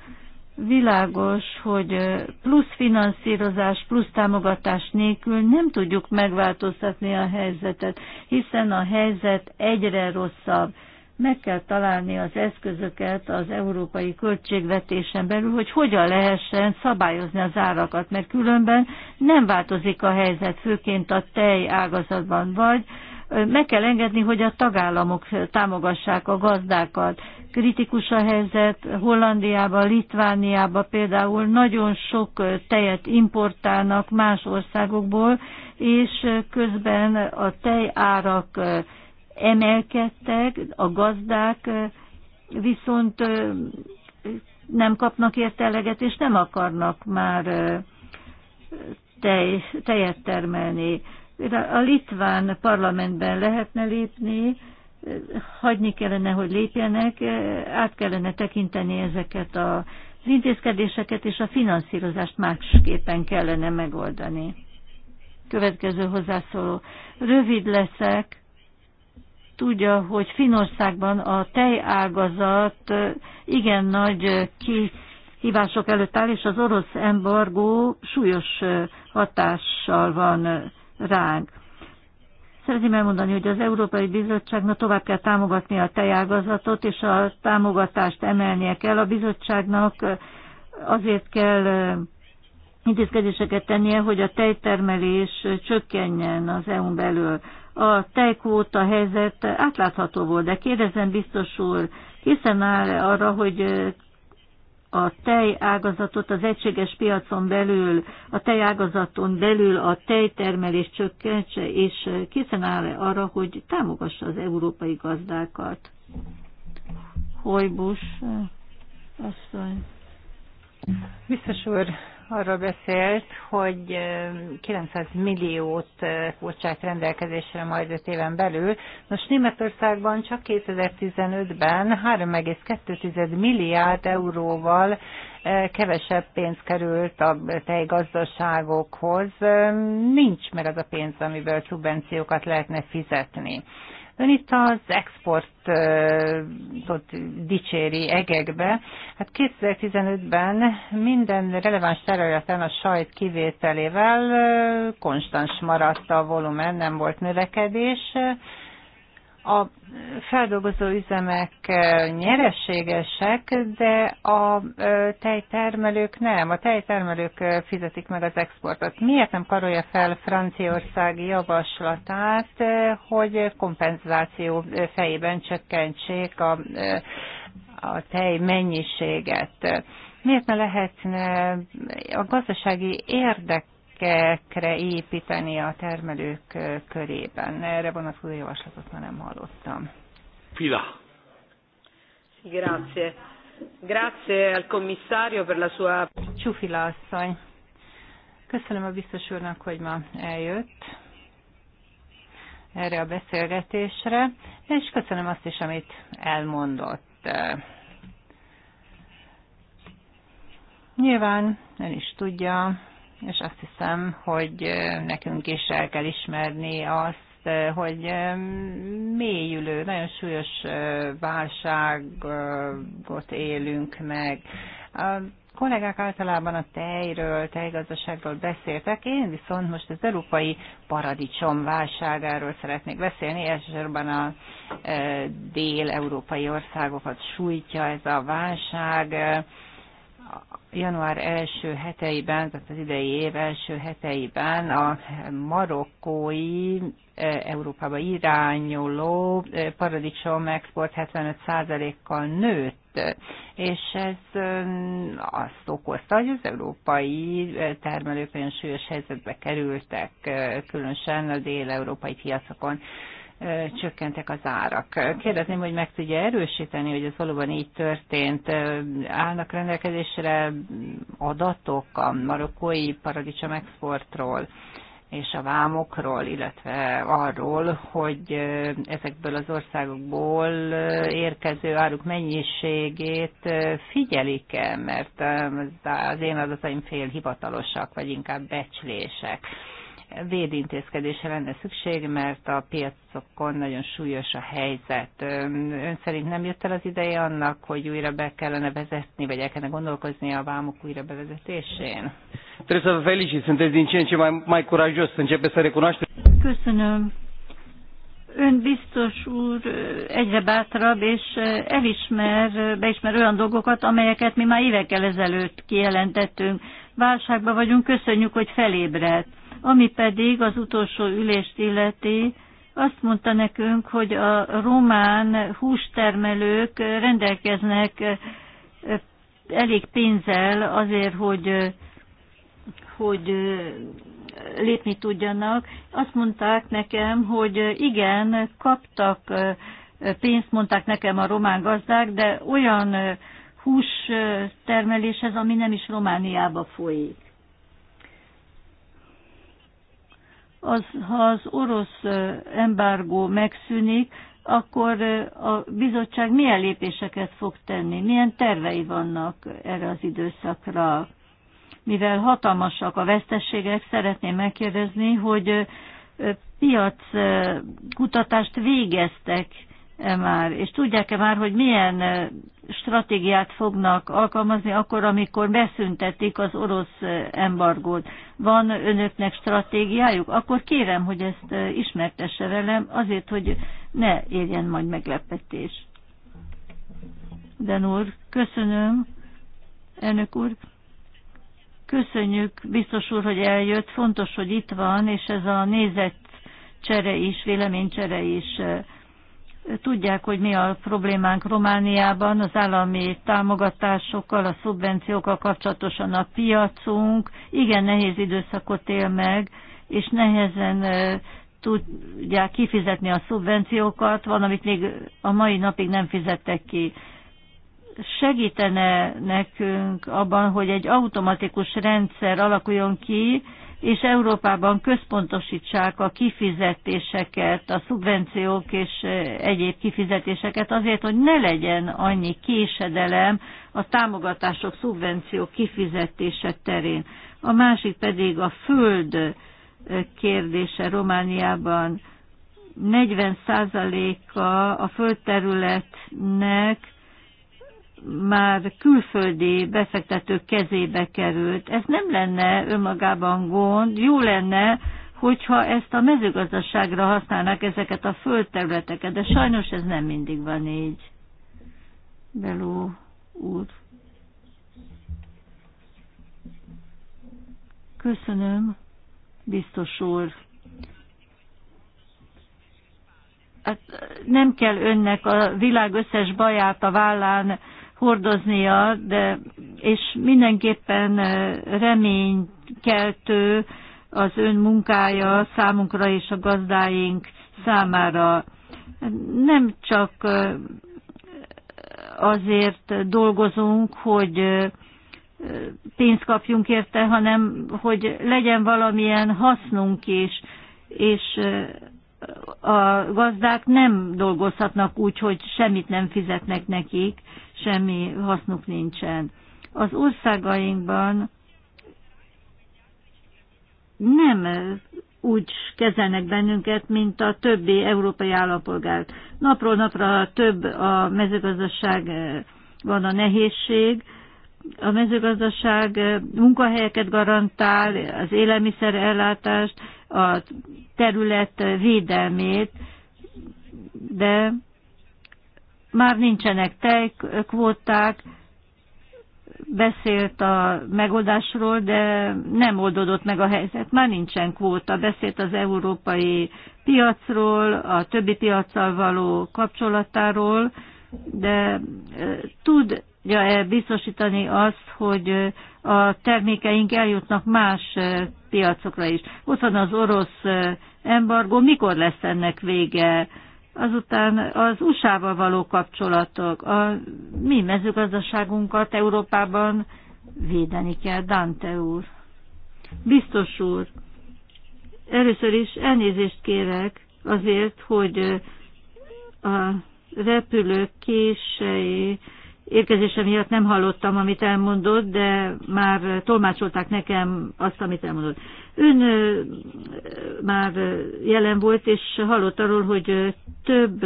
Világos, hogy plusz finanszírozás, plusz támogatás nélkül nem tudjuk megváltoztatni a helyzetet, hiszen a helyzet egyre rosszabb. Meg kell találni az eszközöket az európai költségvetésen belül, hogy hogyan lehessen szabályozni az árakat, mert különben nem változik a helyzet, főként a tej ágazatban, vagy meg kell engedni, hogy a tagállamok támogassák a gazdákat. Kritikus a helyzet Hollandiában, Litvániában például nagyon sok tejet importálnak más országokból, és közben a tej árak emelkedtek, a gazdák viszont nem kapnak érteleget, és nem akarnak már tej, tejet termelni a litván parlamentben lehetne lépni, hagyni kellene, hogy lépjenek, át kellene tekinteni ezeket a az intézkedéseket és a finanszírozást másképpen kellene megoldani. Következő hozzászóló. Rövid leszek. Tudja, hogy Finországban a tejágazat igen nagy kihívások előtt áll, és az orosz embargó súlyos hatással van ránk. Szeretném elmondani, hogy az Európai Bizottságnak tovább kell támogatni a tejágazatot, és a támogatást emelnie kell. A bizottságnak azért kell intézkedéseket tennie, hogy a tejtermelés csökkenjen az EU-n belül. A tejkvóta helyzet átlátható volt, de kérdezem biztos úr, készen áll arra, hogy a tejágazatot az egységes piacon belül, a tejágazaton belül a tejtermelés csökkentse, és készen áll-e arra, hogy támogassa az európai gazdákat? Hojbus eh, asszony. Biztos úr, arról beszélt, hogy 900 milliót bocsát rendelkezésre majd 5 éven belül. Most Németországban csak 2015-ben 3,2 milliárd euróval kevesebb pénz került a tejgazdaságokhoz. Nincs meg az a pénz, amiből szubvenciókat lehetne fizetni. Ön itt az exportot dicséri egekbe. Hát 2015-ben minden releváns területen a sajt kivételével konstans maradt a volumen, nem volt növekedés a feldolgozó üzemek nyereségesek, de a tejtermelők nem. A tejtermelők fizetik meg az exportot. Miért nem karolja fel Franciaország javaslatát, hogy kompenzáció fejében csökkentsék a, a tej mennyiséget? Miért ne lehetne a gazdasági érdek érdekekre építeni a termelők körében. Erre vonatkozó javaslatot már nem hallottam. Fila. Grazie. Grazie al commissario per la sua... Csufila asszony. Köszönöm a biztos úrnak, hogy ma eljött erre a beszélgetésre, és köszönöm azt is, amit elmondott. Nyilván ön is tudja, és azt hiszem, hogy nekünk is el kell ismerni azt, hogy mélyülő, nagyon súlyos válságot élünk meg. A kollégák általában a tejről, tejgazdaságról beszéltek, én viszont most az európai paradicsom válságáról szeretnék beszélni, elsősorban a dél-európai országokat sújtja ez a válság, január első heteiben, tehát az idei év első heteiben a marokkói e, Európába irányuló e, paradicsom export 75%-kal nőtt, és ez e, azt okozta, hogy az európai termelők olyan súlyos helyzetbe kerültek, különösen a dél-európai piacokon csökkentek az árak. Kérdezném, hogy meg tudja erősíteni, hogy ez valóban így történt. Állnak rendelkezésre adatok a marokkói paradicsom exportról és a vámokról, illetve arról, hogy ezekből az országokból érkező áruk mennyiségét figyelik-e, mert az én adataim fél hivatalosak, vagy inkább becslések védintézkedése lenne szükség, mert a piacokon nagyon súlyos a helyzet. Ön szerint nem jött el az ideje annak, hogy újra be kellene vezetni, vagy el kellene gondolkozni a vámok újra bevezetésén? Köszönöm. Ön biztos úr eh, egyre bátrabb, és eh, elismer, eh, beismer olyan dolgokat, amelyeket mi már évekkel ezelőtt kijelentettünk. Válságban vagyunk, köszönjük, hogy felébredt ami pedig az utolsó ülést illeti, azt mondta nekünk, hogy a román hústermelők rendelkeznek eh, elég pénzzel azért, hogy, eh, hogy eh, lépni tudjanak. Azt mondták nekem, hogy igen, kaptak pénzt, mondták nekem a román gazdák, de olyan hústermeléshez, ami nem is Romániába folyik. az, ha az orosz embargó megszűnik, akkor a bizottság milyen lépéseket fog tenni, milyen tervei vannak erre az időszakra. Mivel hatalmasak a vesztességek, szeretném megkérdezni, hogy piac kutatást végeztek -e már, és tudják-e már, hogy milyen e, stratégiát fognak alkalmazni akkor, amikor beszüntetik az orosz e, embargót. Van önöknek stratégiájuk? Akkor kérem, hogy ezt e, ismertesse velem, azért, hogy ne érjen majd meglepetés. Den úr, köszönöm. Elnök úr, köszönjük, biztos úr, hogy eljött. Fontos, hogy itt van, és ez a nézetcsere is, véleménycsere is Tudják, hogy mi a problémánk Romániában az állami támogatásokkal, a szubvenciókkal kapcsolatosan a piacunk igen nehéz időszakot él meg, és nehezen tudják kifizetni a szubvenciókat, van, amit még a mai napig nem fizettek ki. Segítene nekünk abban, hogy egy automatikus rendszer alakuljon ki, és Európában központosítsák a kifizetéseket, a szubvenciók és egyéb kifizetéseket azért, hogy ne legyen annyi késedelem a támogatások, szubvenciók kifizetése terén. A másik pedig a föld kérdése Romániában. 40%-a a földterületnek már külföldi befektetők kezébe került. Ez nem lenne önmagában gond, jó lenne, hogyha ezt a mezőgazdaságra használnák ezeket a földterületeket, de sajnos ez nem mindig van így. Beló úr. Köszönöm, biztos úr. Hát nem kell önnek a világ összes baját a vállán hordoznia, de és mindenképpen eh, reménykeltő az ön munkája számunkra és a gazdáink számára. Nem csak eh, azért dolgozunk, hogy eh, pénzt kapjunk érte, hanem hogy legyen valamilyen hasznunk is, és a gazdák nem dolgozhatnak úgy, hogy semmit nem fizetnek nekik, semmi hasznuk nincsen. Az országainkban nem úgy kezelnek bennünket, mint a többi európai állampolgárt. Napról napra több a mezőgazdaság eh, van a nehézség, a mezőgazdaság eh, munkahelyeket garantál, az élelmiszer ellátást, a terület eh, védelmét, de már nincsenek tejkvóták, beszélt a megoldásról, de nem oldódott meg a helyzet. Már nincsen kvóta. Beszélt az európai piacról, a többi piaccal való kapcsolatáról, de tudja-e biztosítani azt, hogy a termékeink eljutnak más piacokra is? Ott van az orosz embargó. Mikor lesz ennek vége? Azután az USA-val való kapcsolatok. A mi mezőgazdaságunkat Európában védeni kell, Dante úr. Biztos úr, először is elnézést kérek azért, hogy a repülők késői érkezése miatt nem hallottam, amit elmondott, de már tolmácsolták nekem azt, amit elmondott. Ön már jelen volt, és hallott arról, hogy több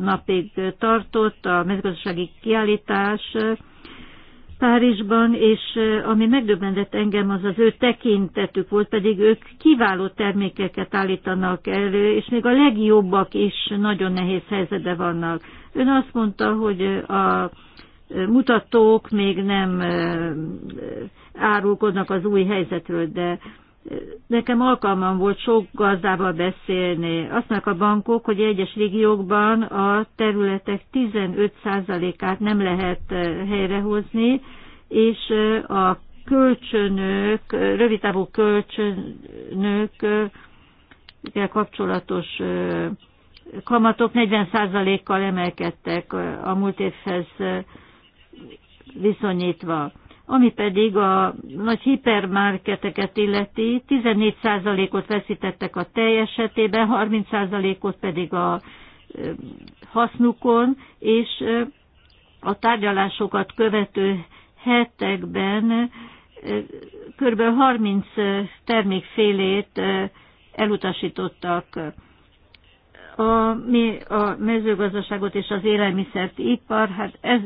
napig tartott a mezőgazdasági kiállítás Párizsban, és ami megdöbbentett engem, az az ő tekintetük volt, pedig ők kiváló termékeket állítanak elő, és még a legjobbak is nagyon nehéz helyzetben vannak. Ön azt mondta, hogy a mutatók még nem árulkodnak az új helyzetről, de nekem alkalmam volt sok gazdával beszélni. Azt a bankok, hogy egyes régiókban a területek 15%-át nem lehet helyrehozni, és a kölcsönök, rövidtávú kölcsönök kapcsolatos kamatok 40%-kal emelkedtek a múlt évhez viszonyítva. Ami pedig a nagy hipermarketeket illeti, 14%-ot veszítettek a tej esetében, 30%-ot pedig a hasznukon, és a tárgyalásokat követő hetekben kb. 30 termékfélét elutasítottak a, mi a mezőgazdaságot és az élelmiszert ipar, hát ez,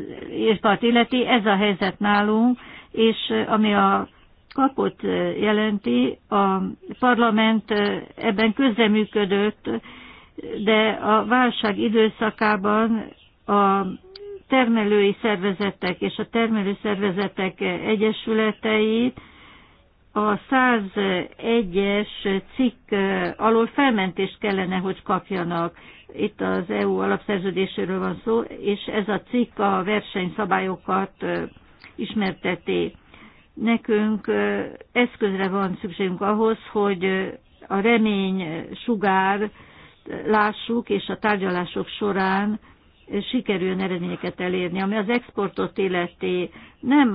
ipart illeti, ez a helyzet nálunk, és eh, ami a kapot eh, jelenti, a parlament eh, ebben közreműködött, de a válság időszakában a termelői szervezetek és a termelő szervezetek egyesületeit a 101-es cikk alól felmentést kellene, hogy kapjanak. Itt az EU alapszerződéséről van szó, és ez a cikk a versenyszabályokat ismerteti. Nekünk eszközre van szükségünk ahhoz, hogy a remény sugár lássuk, és a tárgyalások során sikerüljön eredményeket elérni. Ami az exportot illeti, nem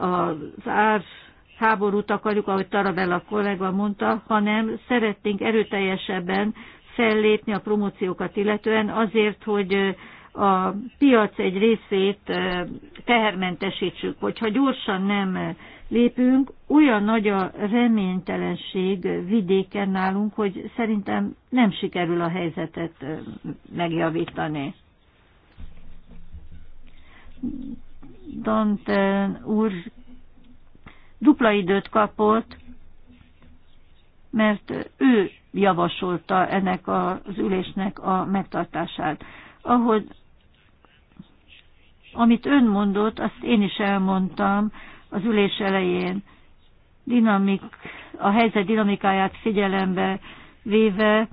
az ár háborút akarjuk, ahogy Tarabella kollega mondta, hanem szeretnénk erőteljesebben fellépni a promóciókat illetően azért, hogy a piac egy részét tehermentesítsük. Hogyha gyorsan nem lépünk, olyan nagy a reménytelenség vidéken nálunk, hogy szerintem nem sikerül a helyzetet megjavítani. Dante úr dupla időt kapott, mert ő javasolta ennek az ülésnek a megtartását. Ahogy amit ön mondott, azt én is elmondtam az ülés elején, dinamik, a helyzet dinamikáját figyelembe véve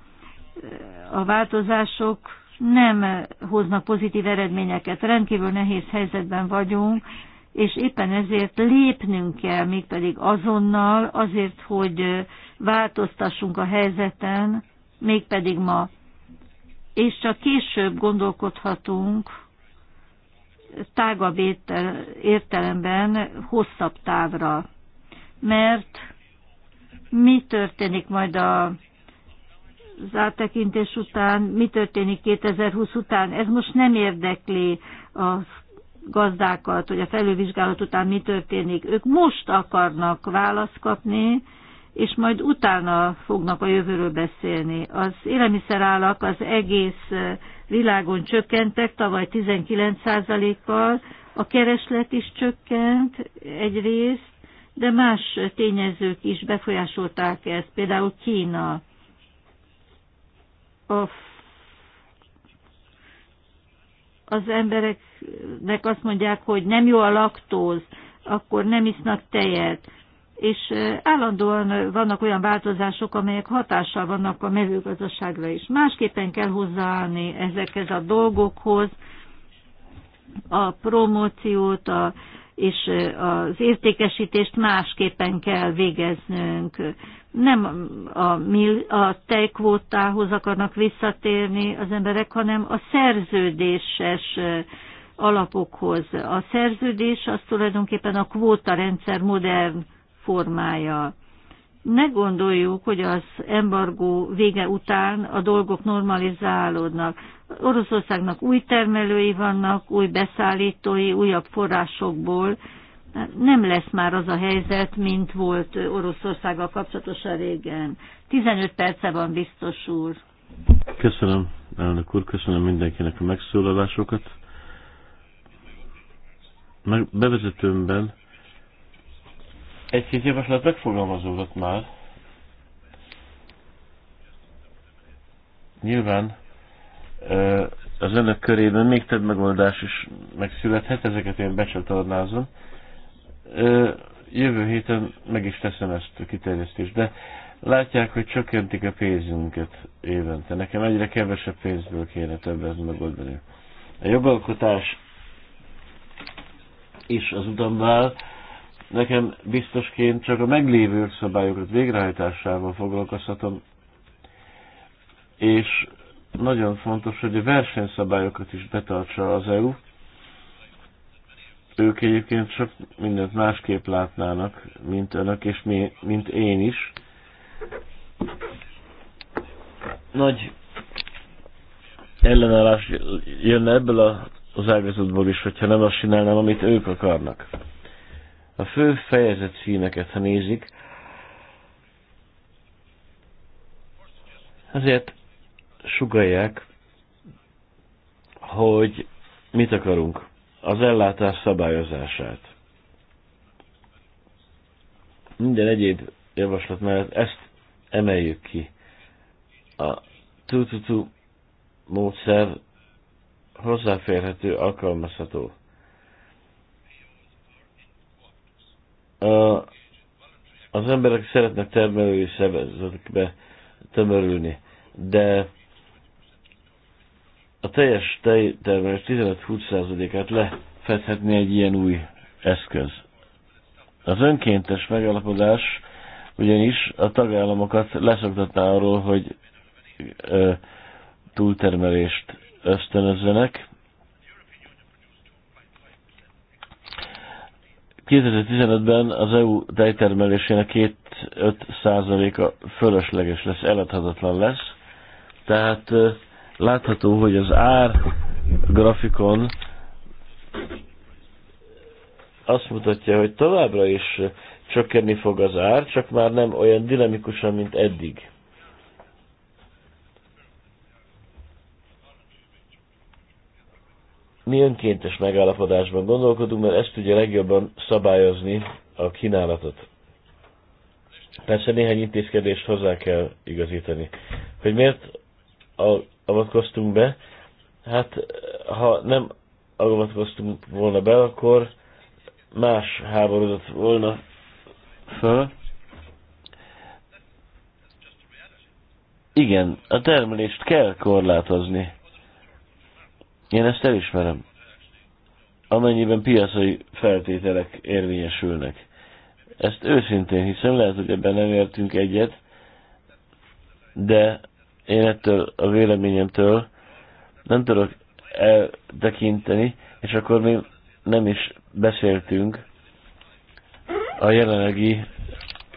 a változások nem hoznak pozitív eredményeket. Rendkívül nehéz helyzetben vagyunk, és éppen ezért lépnünk kell, mégpedig azonnal, azért, hogy változtassunk a helyzeten, mégpedig ma. És csak később gondolkodhatunk tágabb értelemben, hosszabb távra. Mert mi történik majd a az áttekintés után, mi történik 2020 után, ez most nem érdekli a gazdákat, hogy a felülvizsgálat után mi történik. Ők most akarnak választ kapni, és majd utána fognak a jövőről beszélni. Az élelmiszerállak az egész világon csökkentek, tavaly 19%-kal, a kereslet is csökkent egyrészt, de más tényezők is befolyásolták ezt, például Kína. A az embereknek azt mondják, hogy nem jó a laktóz, akkor nem isznak tejet, és állandóan vannak olyan változások, amelyek hatással vannak a mezőgazdaságra is. Másképpen kell hozzáállni ezekhez a dolgokhoz, a promóciót, a és az értékesítést másképpen kell végeznünk. Nem a, a tejkvótához akarnak visszatérni az emberek, hanem a szerződéses alapokhoz. A szerződés az tulajdonképpen a kvótarendszer modern formája ne gondoljuk, hogy az embargó vége után a dolgok normalizálódnak. Oroszországnak új termelői vannak, új beszállítói, újabb forrásokból. Nem lesz már az a helyzet, mint volt Oroszországgal kapcsolatosan régen. 15 perce van biztos úr. Köszönöm, elnök úr, köszönöm mindenkinek a megszólalásokat. Meg bevezetőmben egy-két javaslat megfogalmazódott már. Nyilván az önök körében még több megoldás is megszülethet, ezeket én becsatornázom. Jövő héten meg is teszem ezt a kiterjesztést, de látják, hogy csökkentik a pénzünket évente. Nekem egyre kevesebb pénzből kéne többet megoldani. A jogalkotás is az udambál, Nekem biztosként csak a meglévő szabályokat végrehajtásával foglalkozhatom, és nagyon fontos, hogy a versenyszabályokat is betartsa az EU. Ők egyébként csak mindent másképp látnának, mint önök, és mi, mint én is. Nagy ellenállás jönne ebből az ágazatból is, hogyha nem azt csinálnám, amit ők akarnak. A fő fejezet címeket, ha nézik, azért sugalják, hogy mit akarunk. Az ellátás szabályozását. Minden egyéb javaslat mellett ezt emeljük ki. A tututu módszer hozzáférhető, alkalmazható. az emberek szeretnek termelői szervezetekbe tömörülni, de a teljes tejtermelés 15-20%-át lefedhetné egy ilyen új eszköz. Az önkéntes megalapodás ugyanis a tagállamokat leszoktatná arról, hogy ö, túltermelést ösztönözzenek, 2015-ben az EU tejtermelésének 2-5%-a fölösleges lesz, eladhatatlan lesz. Tehát látható, hogy az ár grafikon azt mutatja, hogy továbbra is csökkenni fog az ár, csak már nem olyan dinamikusan, mint eddig. mi önkéntes megállapodásban gondolkodunk, mert ezt tudja legjobban szabályozni a kínálatot. Persze néhány intézkedést hozzá kell igazítani. Hogy miért avatkoztunk be? Hát, ha nem avatkoztunk volna be, akkor más háborodott volna föl. Igen, a termelést kell korlátozni én ezt elismerem. Amennyiben piacai feltételek érvényesülnek. Ezt őszintén hiszem, lehet, hogy ebben nem értünk egyet, de én ettől a véleményemtől nem tudok eltekinteni, és akkor még nem is beszéltünk a jelenlegi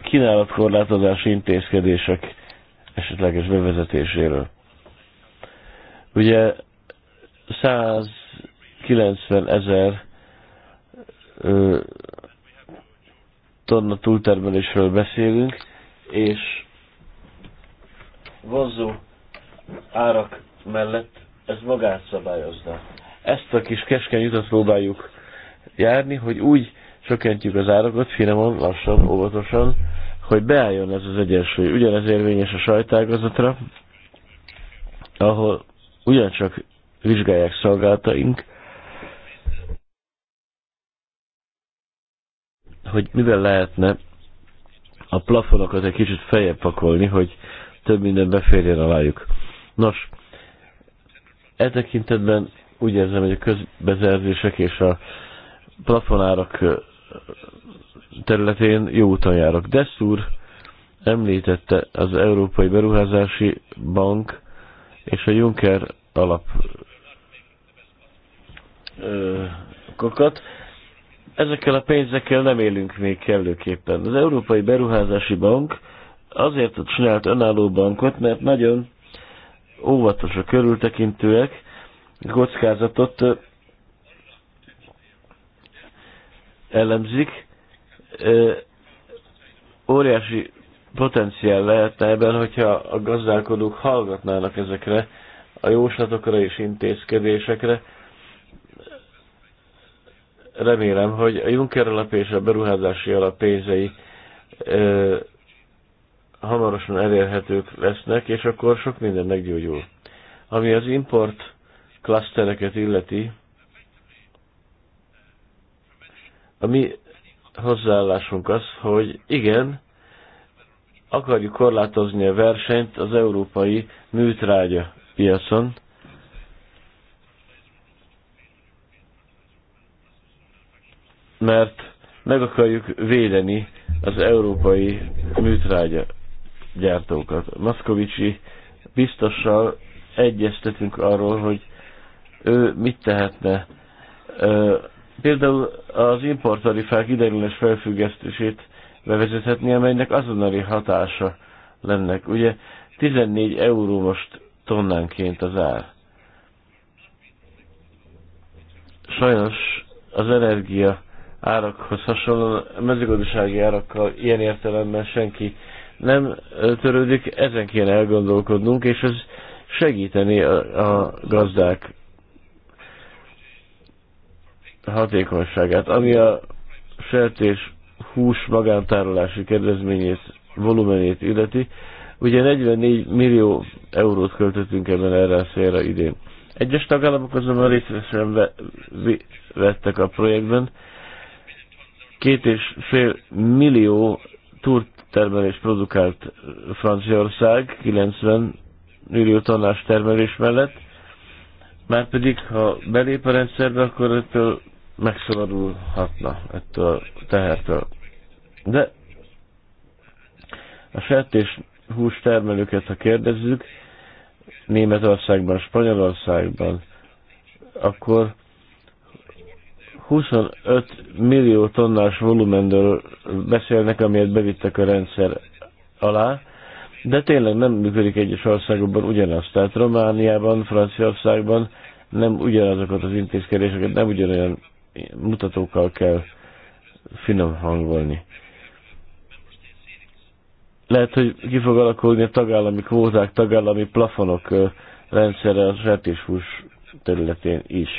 kínálatkorlátozási intézkedések esetleges bevezetéséről. Ugye 190 ezer tonna túltermelésről beszélünk, és vonzó árak mellett ez magát szabályozna. Ezt a kis keskeny utat próbáljuk járni, hogy úgy csökkentjük az árakat finoman, lassan, óvatosan, hogy beálljon ez az egyensúly. Ugyanez érvényes a sajtágazatra, ahol ugyancsak vizsgálják szolgálataink, hogy mivel lehetne a plafonokat egy kicsit feljebb pakolni, hogy több minden beférjen alájuk. Nos, e tekintetben úgy érzem, hogy a közbezerzések és a plafonárak területén jó úton járok. Dessur említette az Európai Beruházási Bank és a Juncker alap kokat. Ezekkel a pénzekkel nem élünk még kellőképpen. Az Európai Beruházási Bank azért csinált önálló bankot, mert nagyon óvatos a körültekintőek, kockázatot elemzik. Óriási potenciál lehetne ebben, hogyha a gazdálkodók hallgatnának ezekre a jóslatokra és intézkedésekre, remélem, hogy a Juncker alap és a beruházási alap pénzei ö, hamarosan elérhetők lesznek, és akkor sok minden meggyógyul. Ami az import klasztereket illeti, a mi hozzáállásunk az, hogy igen, akarjuk korlátozni a versenyt az európai műtrágya piacon, mert meg akarjuk védeni az európai műtrágya gyártókat. Maszkovicsi biztossal egyeztetünk arról, hogy ő mit tehetne. Például az importtarifák ideiglenes felfüggesztését bevezethetni, amelynek azonnali hatása lennek. Ugye 14 euró most tonnánként az ár. Sajnos az energia árakhoz hasonlóan, mezőgazdasági árakkal ilyen értelemben senki nem törődik, ezen kéne elgondolkodnunk, és ez segíteni a, a gazdák hatékonyságát. Ami a sertés hús magántárolási kedvezményét, volumenét illeti, ugye 44 millió eurót költöttünk ebben erre a szélre idén. Egyes tagállamok azonban részt vettek a projektben, Két és fél millió túrtermelés produkált Franciaország, 90 millió tonnás termelés mellett, már pedig, ha belép a rendszerbe, akkor ettől megszabadulhatna ettől a tehertől. De a sertés hús termelőket, ha kérdezzük, Németországban, Spanyolországban, akkor 25 millió tonnás volumenről beszélnek, amilyet bevittek a rendszer alá, de tényleg nem működik egyes országokban ugyanaz. Tehát Romániában, Franciaországban nem ugyanazokat az intézkedéseket, nem ugyanolyan mutatókkal kell finom hangolni. Lehet, hogy ki fog alakulni a tagállami kvóták, tagállami plafonok rendszere a sertéshús területén is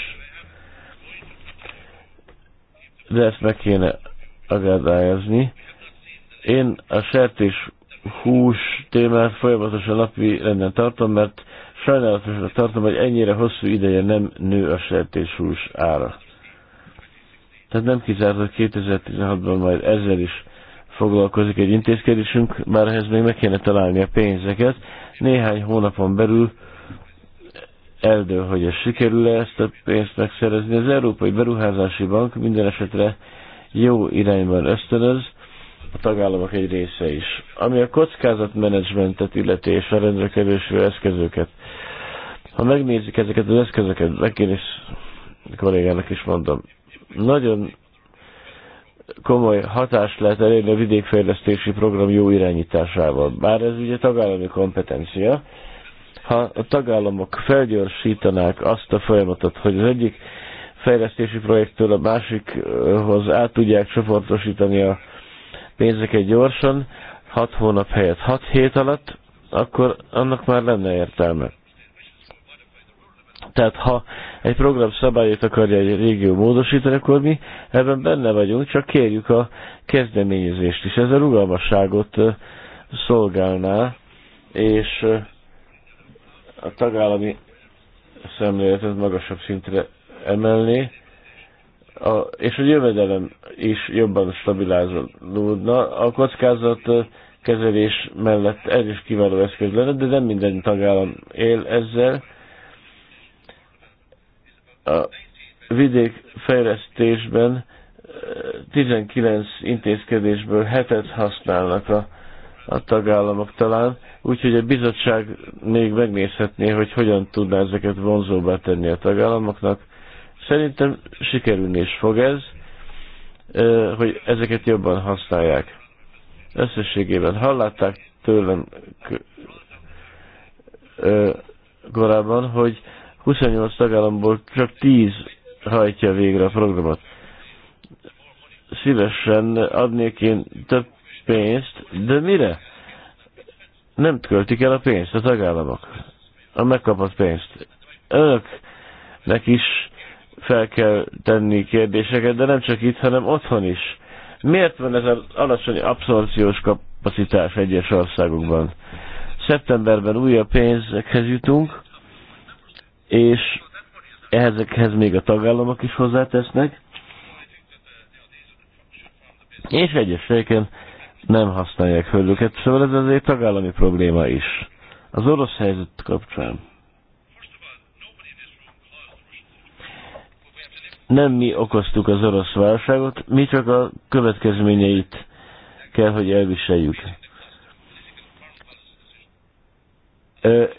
de ezt meg kéne agadályozni. Én a sertés hús témát folyamatosan napi renden tartom, mert sajnálatosan tartom, hogy ennyire hosszú ideje nem nő a hús ára. Tehát nem kizárt, hogy 2016-ban majd ezzel is foglalkozik egy intézkedésünk, bár ehhez még meg kéne találni a pénzeket. Néhány hónapon belül eldől, hogy ez sikerül-e ezt a pénzt megszerezni. Az Európai Beruházási Bank minden esetre jó irányban ösztönöz, a tagállamok egy része is. Ami a kockázatmenedzsmentet illeti és a rendre kerülső eszközöket. Ha megnézzük ezeket az eszközöket, én is kollégának is mondom, nagyon komoly hatást lehet elérni a vidékfejlesztési program jó irányításával. Bár ez ugye tagállami kompetencia, ha a tagállamok felgyorsítanák azt a folyamatot, hogy az egyik fejlesztési projektől a másikhoz át tudják csoportosítani a pénzeket gyorsan, 6 hónap helyett 6 hét alatt, akkor annak már lenne értelme. Tehát ha egy program szabályait akarja egy régió módosítani, akkor mi ebben benne vagyunk, csak kérjük a kezdeményezést is. Ez a rugalmasságot szolgálná, és a tagállami szemléletet magasabb szintre emelni, a, és a jövedelem is jobban stabilizálódna. A kockázat kezelés mellett ez is kiváló eszköz lenne, de nem minden tagállam él ezzel. A vidék fejlesztésben 19 eh, intézkedésből hetet használnak a, a tagállamok talán, Úgyhogy a bizottság még megnézhetné, hogy hogyan tudná ezeket vonzóbbá tenni a tagállamoknak. Szerintem sikerülni is fog ez, hogy ezeket jobban használják. Összességében hallották tőlem korábban, hogy 28 tagállamból csak 10 hajtja végre a programot. Szívesen adnék én több pénzt, de mire? nem költik el a pénzt a tagállamok, a megkapott pénzt. Önöknek is fel kell tenni kérdéseket, de nem csak itt, hanem otthon is. Miért van ez az alacsony abszorciós kapacitás egyes országokban? Szeptemberben újabb pénzekhez jutunk, és ezekhez még a tagállamok is hozzátesznek, és egyes helyeken nem használják földöket, szóval ez azért tagállami probléma is. Az orosz helyzet kapcsán. Nem mi okoztuk az orosz válságot, mi csak a következményeit kell, hogy elviseljük.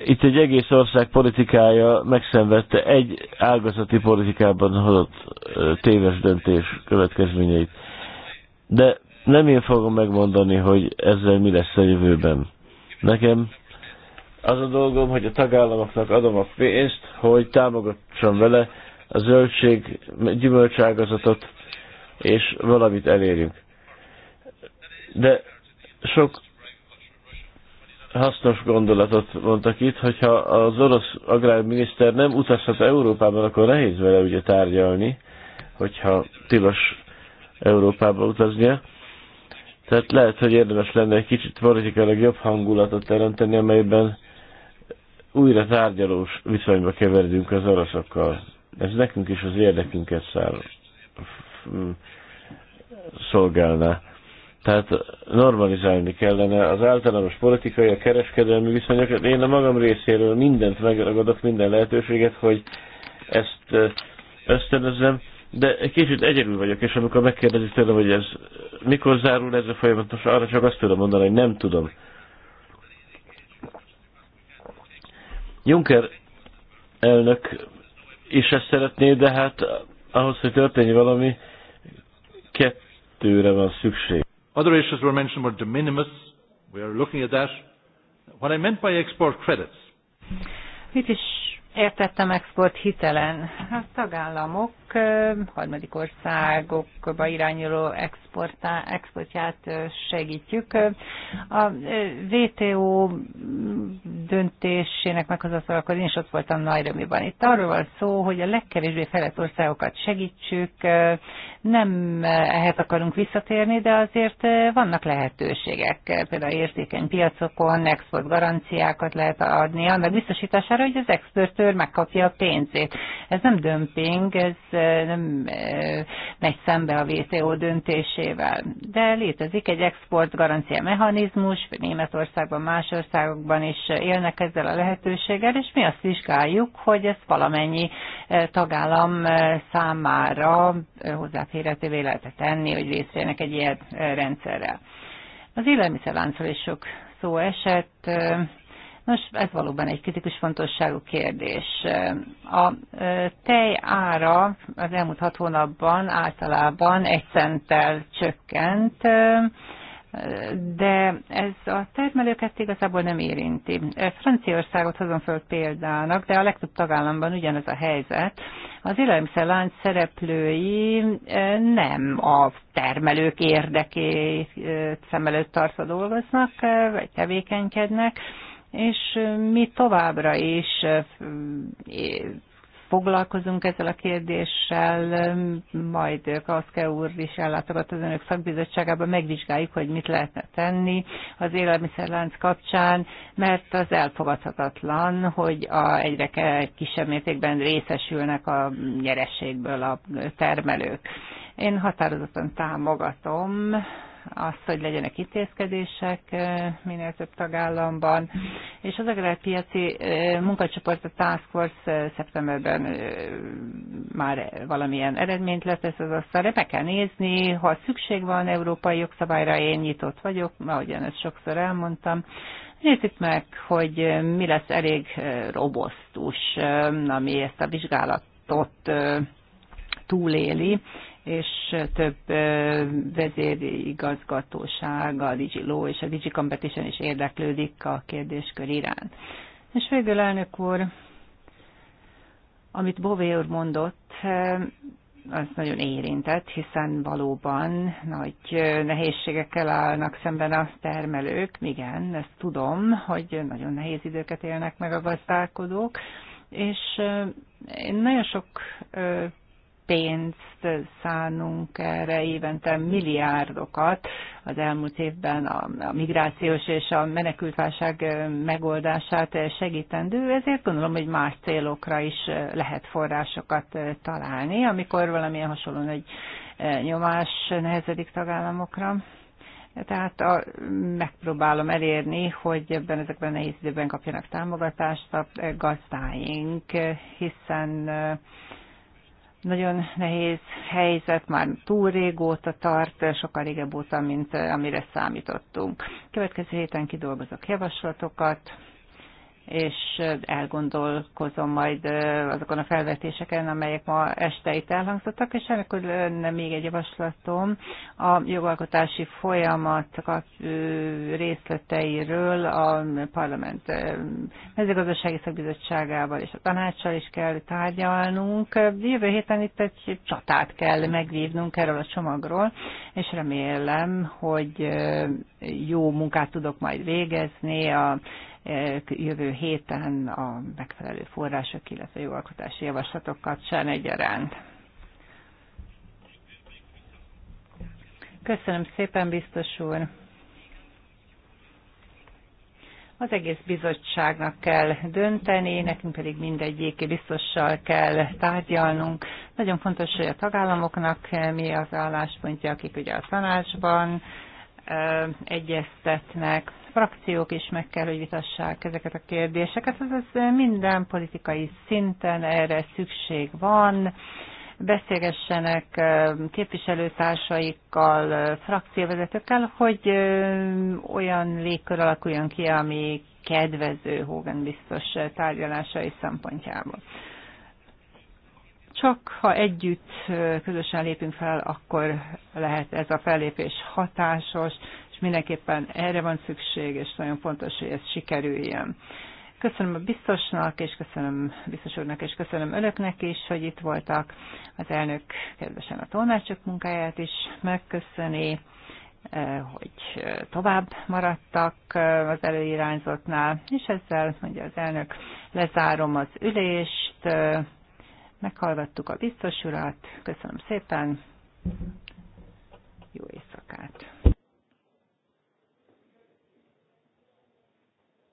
Itt egy egész ország politikája megszenvedte egy ágazati politikában hozott téves döntés következményeit. De nem én fogom megmondani, hogy ezzel mi lesz a jövőben. Nekem az a dolgom, hogy a tagállamoknak adom a pénzt, hogy támogassam vele a zöldség gyümölcságazatot, és valamit elérjünk. De sok hasznos gondolatot mondtak itt, hogyha az orosz agrárminiszter nem utazhat Európában, akkor nehéz vele ugye tárgyalni, hogyha tilos Európába utaznia. Tehát lehet, hogy érdemes lenne egy kicsit politikailag jobb hangulatot teremteni, amelyben újra tárgyalós viszonyba keveredünk az oroszokkal. Ez nekünk is az érdekünket száll, szolgálná. Tehát normalizálni kellene az általános politikai, a kereskedelmi viszonyokat. Én a magam részéről mindent megragadok, minden lehetőséget, hogy ezt ösztönözzem de egy kicsit egyedül vagyok, és amikor megkérdezik tőlem, hogy ez mikor zárul ez a folyamat, most arra csak azt tudom mondani, hogy nem tudom. Juncker elnök is ezt szeretné, de hát ahhoz, hogy történjen valami, kettőre van szükség. Other issues were mentioned were de minimis. We are looking at that. What I meant by export credits. Mit is értettem export hitelen? A hát tagállamok harmadik országokba irányuló exportá, exportját segítjük. A WTO döntésének meghozatal, akkor én is ott voltam Nairobiban. Itt arról van szó, hogy a legkevésbé fejlett országokat segítsük, nem ehhez akarunk visszatérni, de azért vannak lehetőségek. Például értékeny piacokon export garanciákat lehet adni, annak biztosítására, hogy az exportőr megkapja a pénzét. Ez nem dömping, ez nem eh, megy szembe a WTO döntésével. De létezik egy export garancia mechanizmus, Németországban, más országokban is élnek ezzel a lehetőséggel, és mi azt vizsgáljuk, hogy ez valamennyi eh, tagállam eh, számára hozzáférhetővé lehet tenni, hogy részvének egy ilyen rendszerrel. Az élelmiszerláncról is sok szó esett Nos, ez valóban egy kritikus fontosságú kérdés. A tej ára az elmúlt hat hónapban általában egy centtel csökkent, de ez a termelőket igazából nem érinti. Franciaországot hozom föl példának, de a legtöbb tagállamban ugyanaz a helyzet. Az élelmiszerlánc szereplői nem a termelők érdekét szem előtt tartva dolgoznak, vagy tevékenykednek, és mi továbbra is foglalkozunk ezzel a kérdéssel, majd Kaszke úr is ellátogat az önök szakbizottságába, megvizsgáljuk, hogy mit lehetne tenni az élelmiszerlánc kapcsán, mert az elfogadhatatlan, hogy a egyre kisebb mértékben részesülnek a nyerességből a termelők. Én határozottan támogatom az, hogy legyenek intézkedések minél több tagállamban, és az agrárpiaci munkacsoport, a Task Force szeptemberben már valamilyen eredményt letesz az asztalra. Meg kell nézni, ha szükség van európai jogszabályra, én nyitott vagyok, ahogyan ezt sokszor elmondtam, Nézzük meg, hogy mi lesz elég robosztus, ami ezt a vizsgálatot túléli, és több vezérigazgatóság, a DigiLó és a Competition is érdeklődik a kérdéskör iránt. És végül elnök úr, amit Bové úr mondott, az nagyon érintett, hiszen valóban nagy nehézségekkel állnak szemben a termelők. Igen, ezt tudom, hogy nagyon nehéz időket élnek meg a gazdálkodók, és én nagyon sok pénzt szánunk erre évente milliárdokat. Az elmúlt évben a, a migrációs és a menekültválság megoldását segítendő, ezért gondolom, hogy más célokra is lehet forrásokat találni, amikor valamilyen hasonló egy e, nyomás nehezedik tagállamokra. Tehát a, megpróbálom elérni, hogy ebben ezekben a nehéz időben kapjanak támogatást a gazdáink, hiszen e, nagyon nehéz helyzet, már túl régóta tart, sokkal régebb óta, mint amire számítottunk. Következő héten kidolgozok javaslatokat, és elgondolkozom majd azokon a felvetéseken, amelyek ma este itt elhangzottak, és ennek lenne még egy javaslatom a jogalkotási folyamat részleteiről a parlament mezőgazdasági szakbizottságával és a tanácssal is kell tárgyalnunk. Jövő héten itt egy csatát kell megvívnunk erről a csomagról, és remélem, hogy jó munkát tudok majd végezni a E, jövő héten a megfelelő források, illetve jogalkotási javaslatok kapcsán egyaránt. Köszönöm szépen, biztos úr! Az egész bizottságnak kell dönteni, nekünk pedig mindegyik biztossal kell tárgyalnunk. Nagyon fontos, hogy a tagállamoknak mi az álláspontja, akik ugye a tanácsban egyeztetnek. Frakciók is meg kell, hogy vitassák ezeket a kérdéseket. Ez minden politikai szinten erre szükség van beszélgessenek képviselőtársaikkal, frakcióvezetőkkel, hogy olyan légkör alakuljon ki, ami kedvező Hogan biztos tárgyalásai szempontjából. Csak ha együtt közösen lépünk fel, akkor lehet ez a fellépés hatásos, és mindenképpen erre van szükség, és nagyon fontos, hogy ez sikerüljön. Köszönöm a biztosnak, és köszönöm biztos úrnak, és köszönöm önöknek is, hogy itt voltak. Az elnök kedvesen a tolmácsok munkáját is megköszöni, hogy tovább maradtak az előirányzatnál, és ezzel, mondja az elnök, lezárom az ülést. Meghallgattuk a biztos urat. Köszönöm szépen. Jó éjszakát.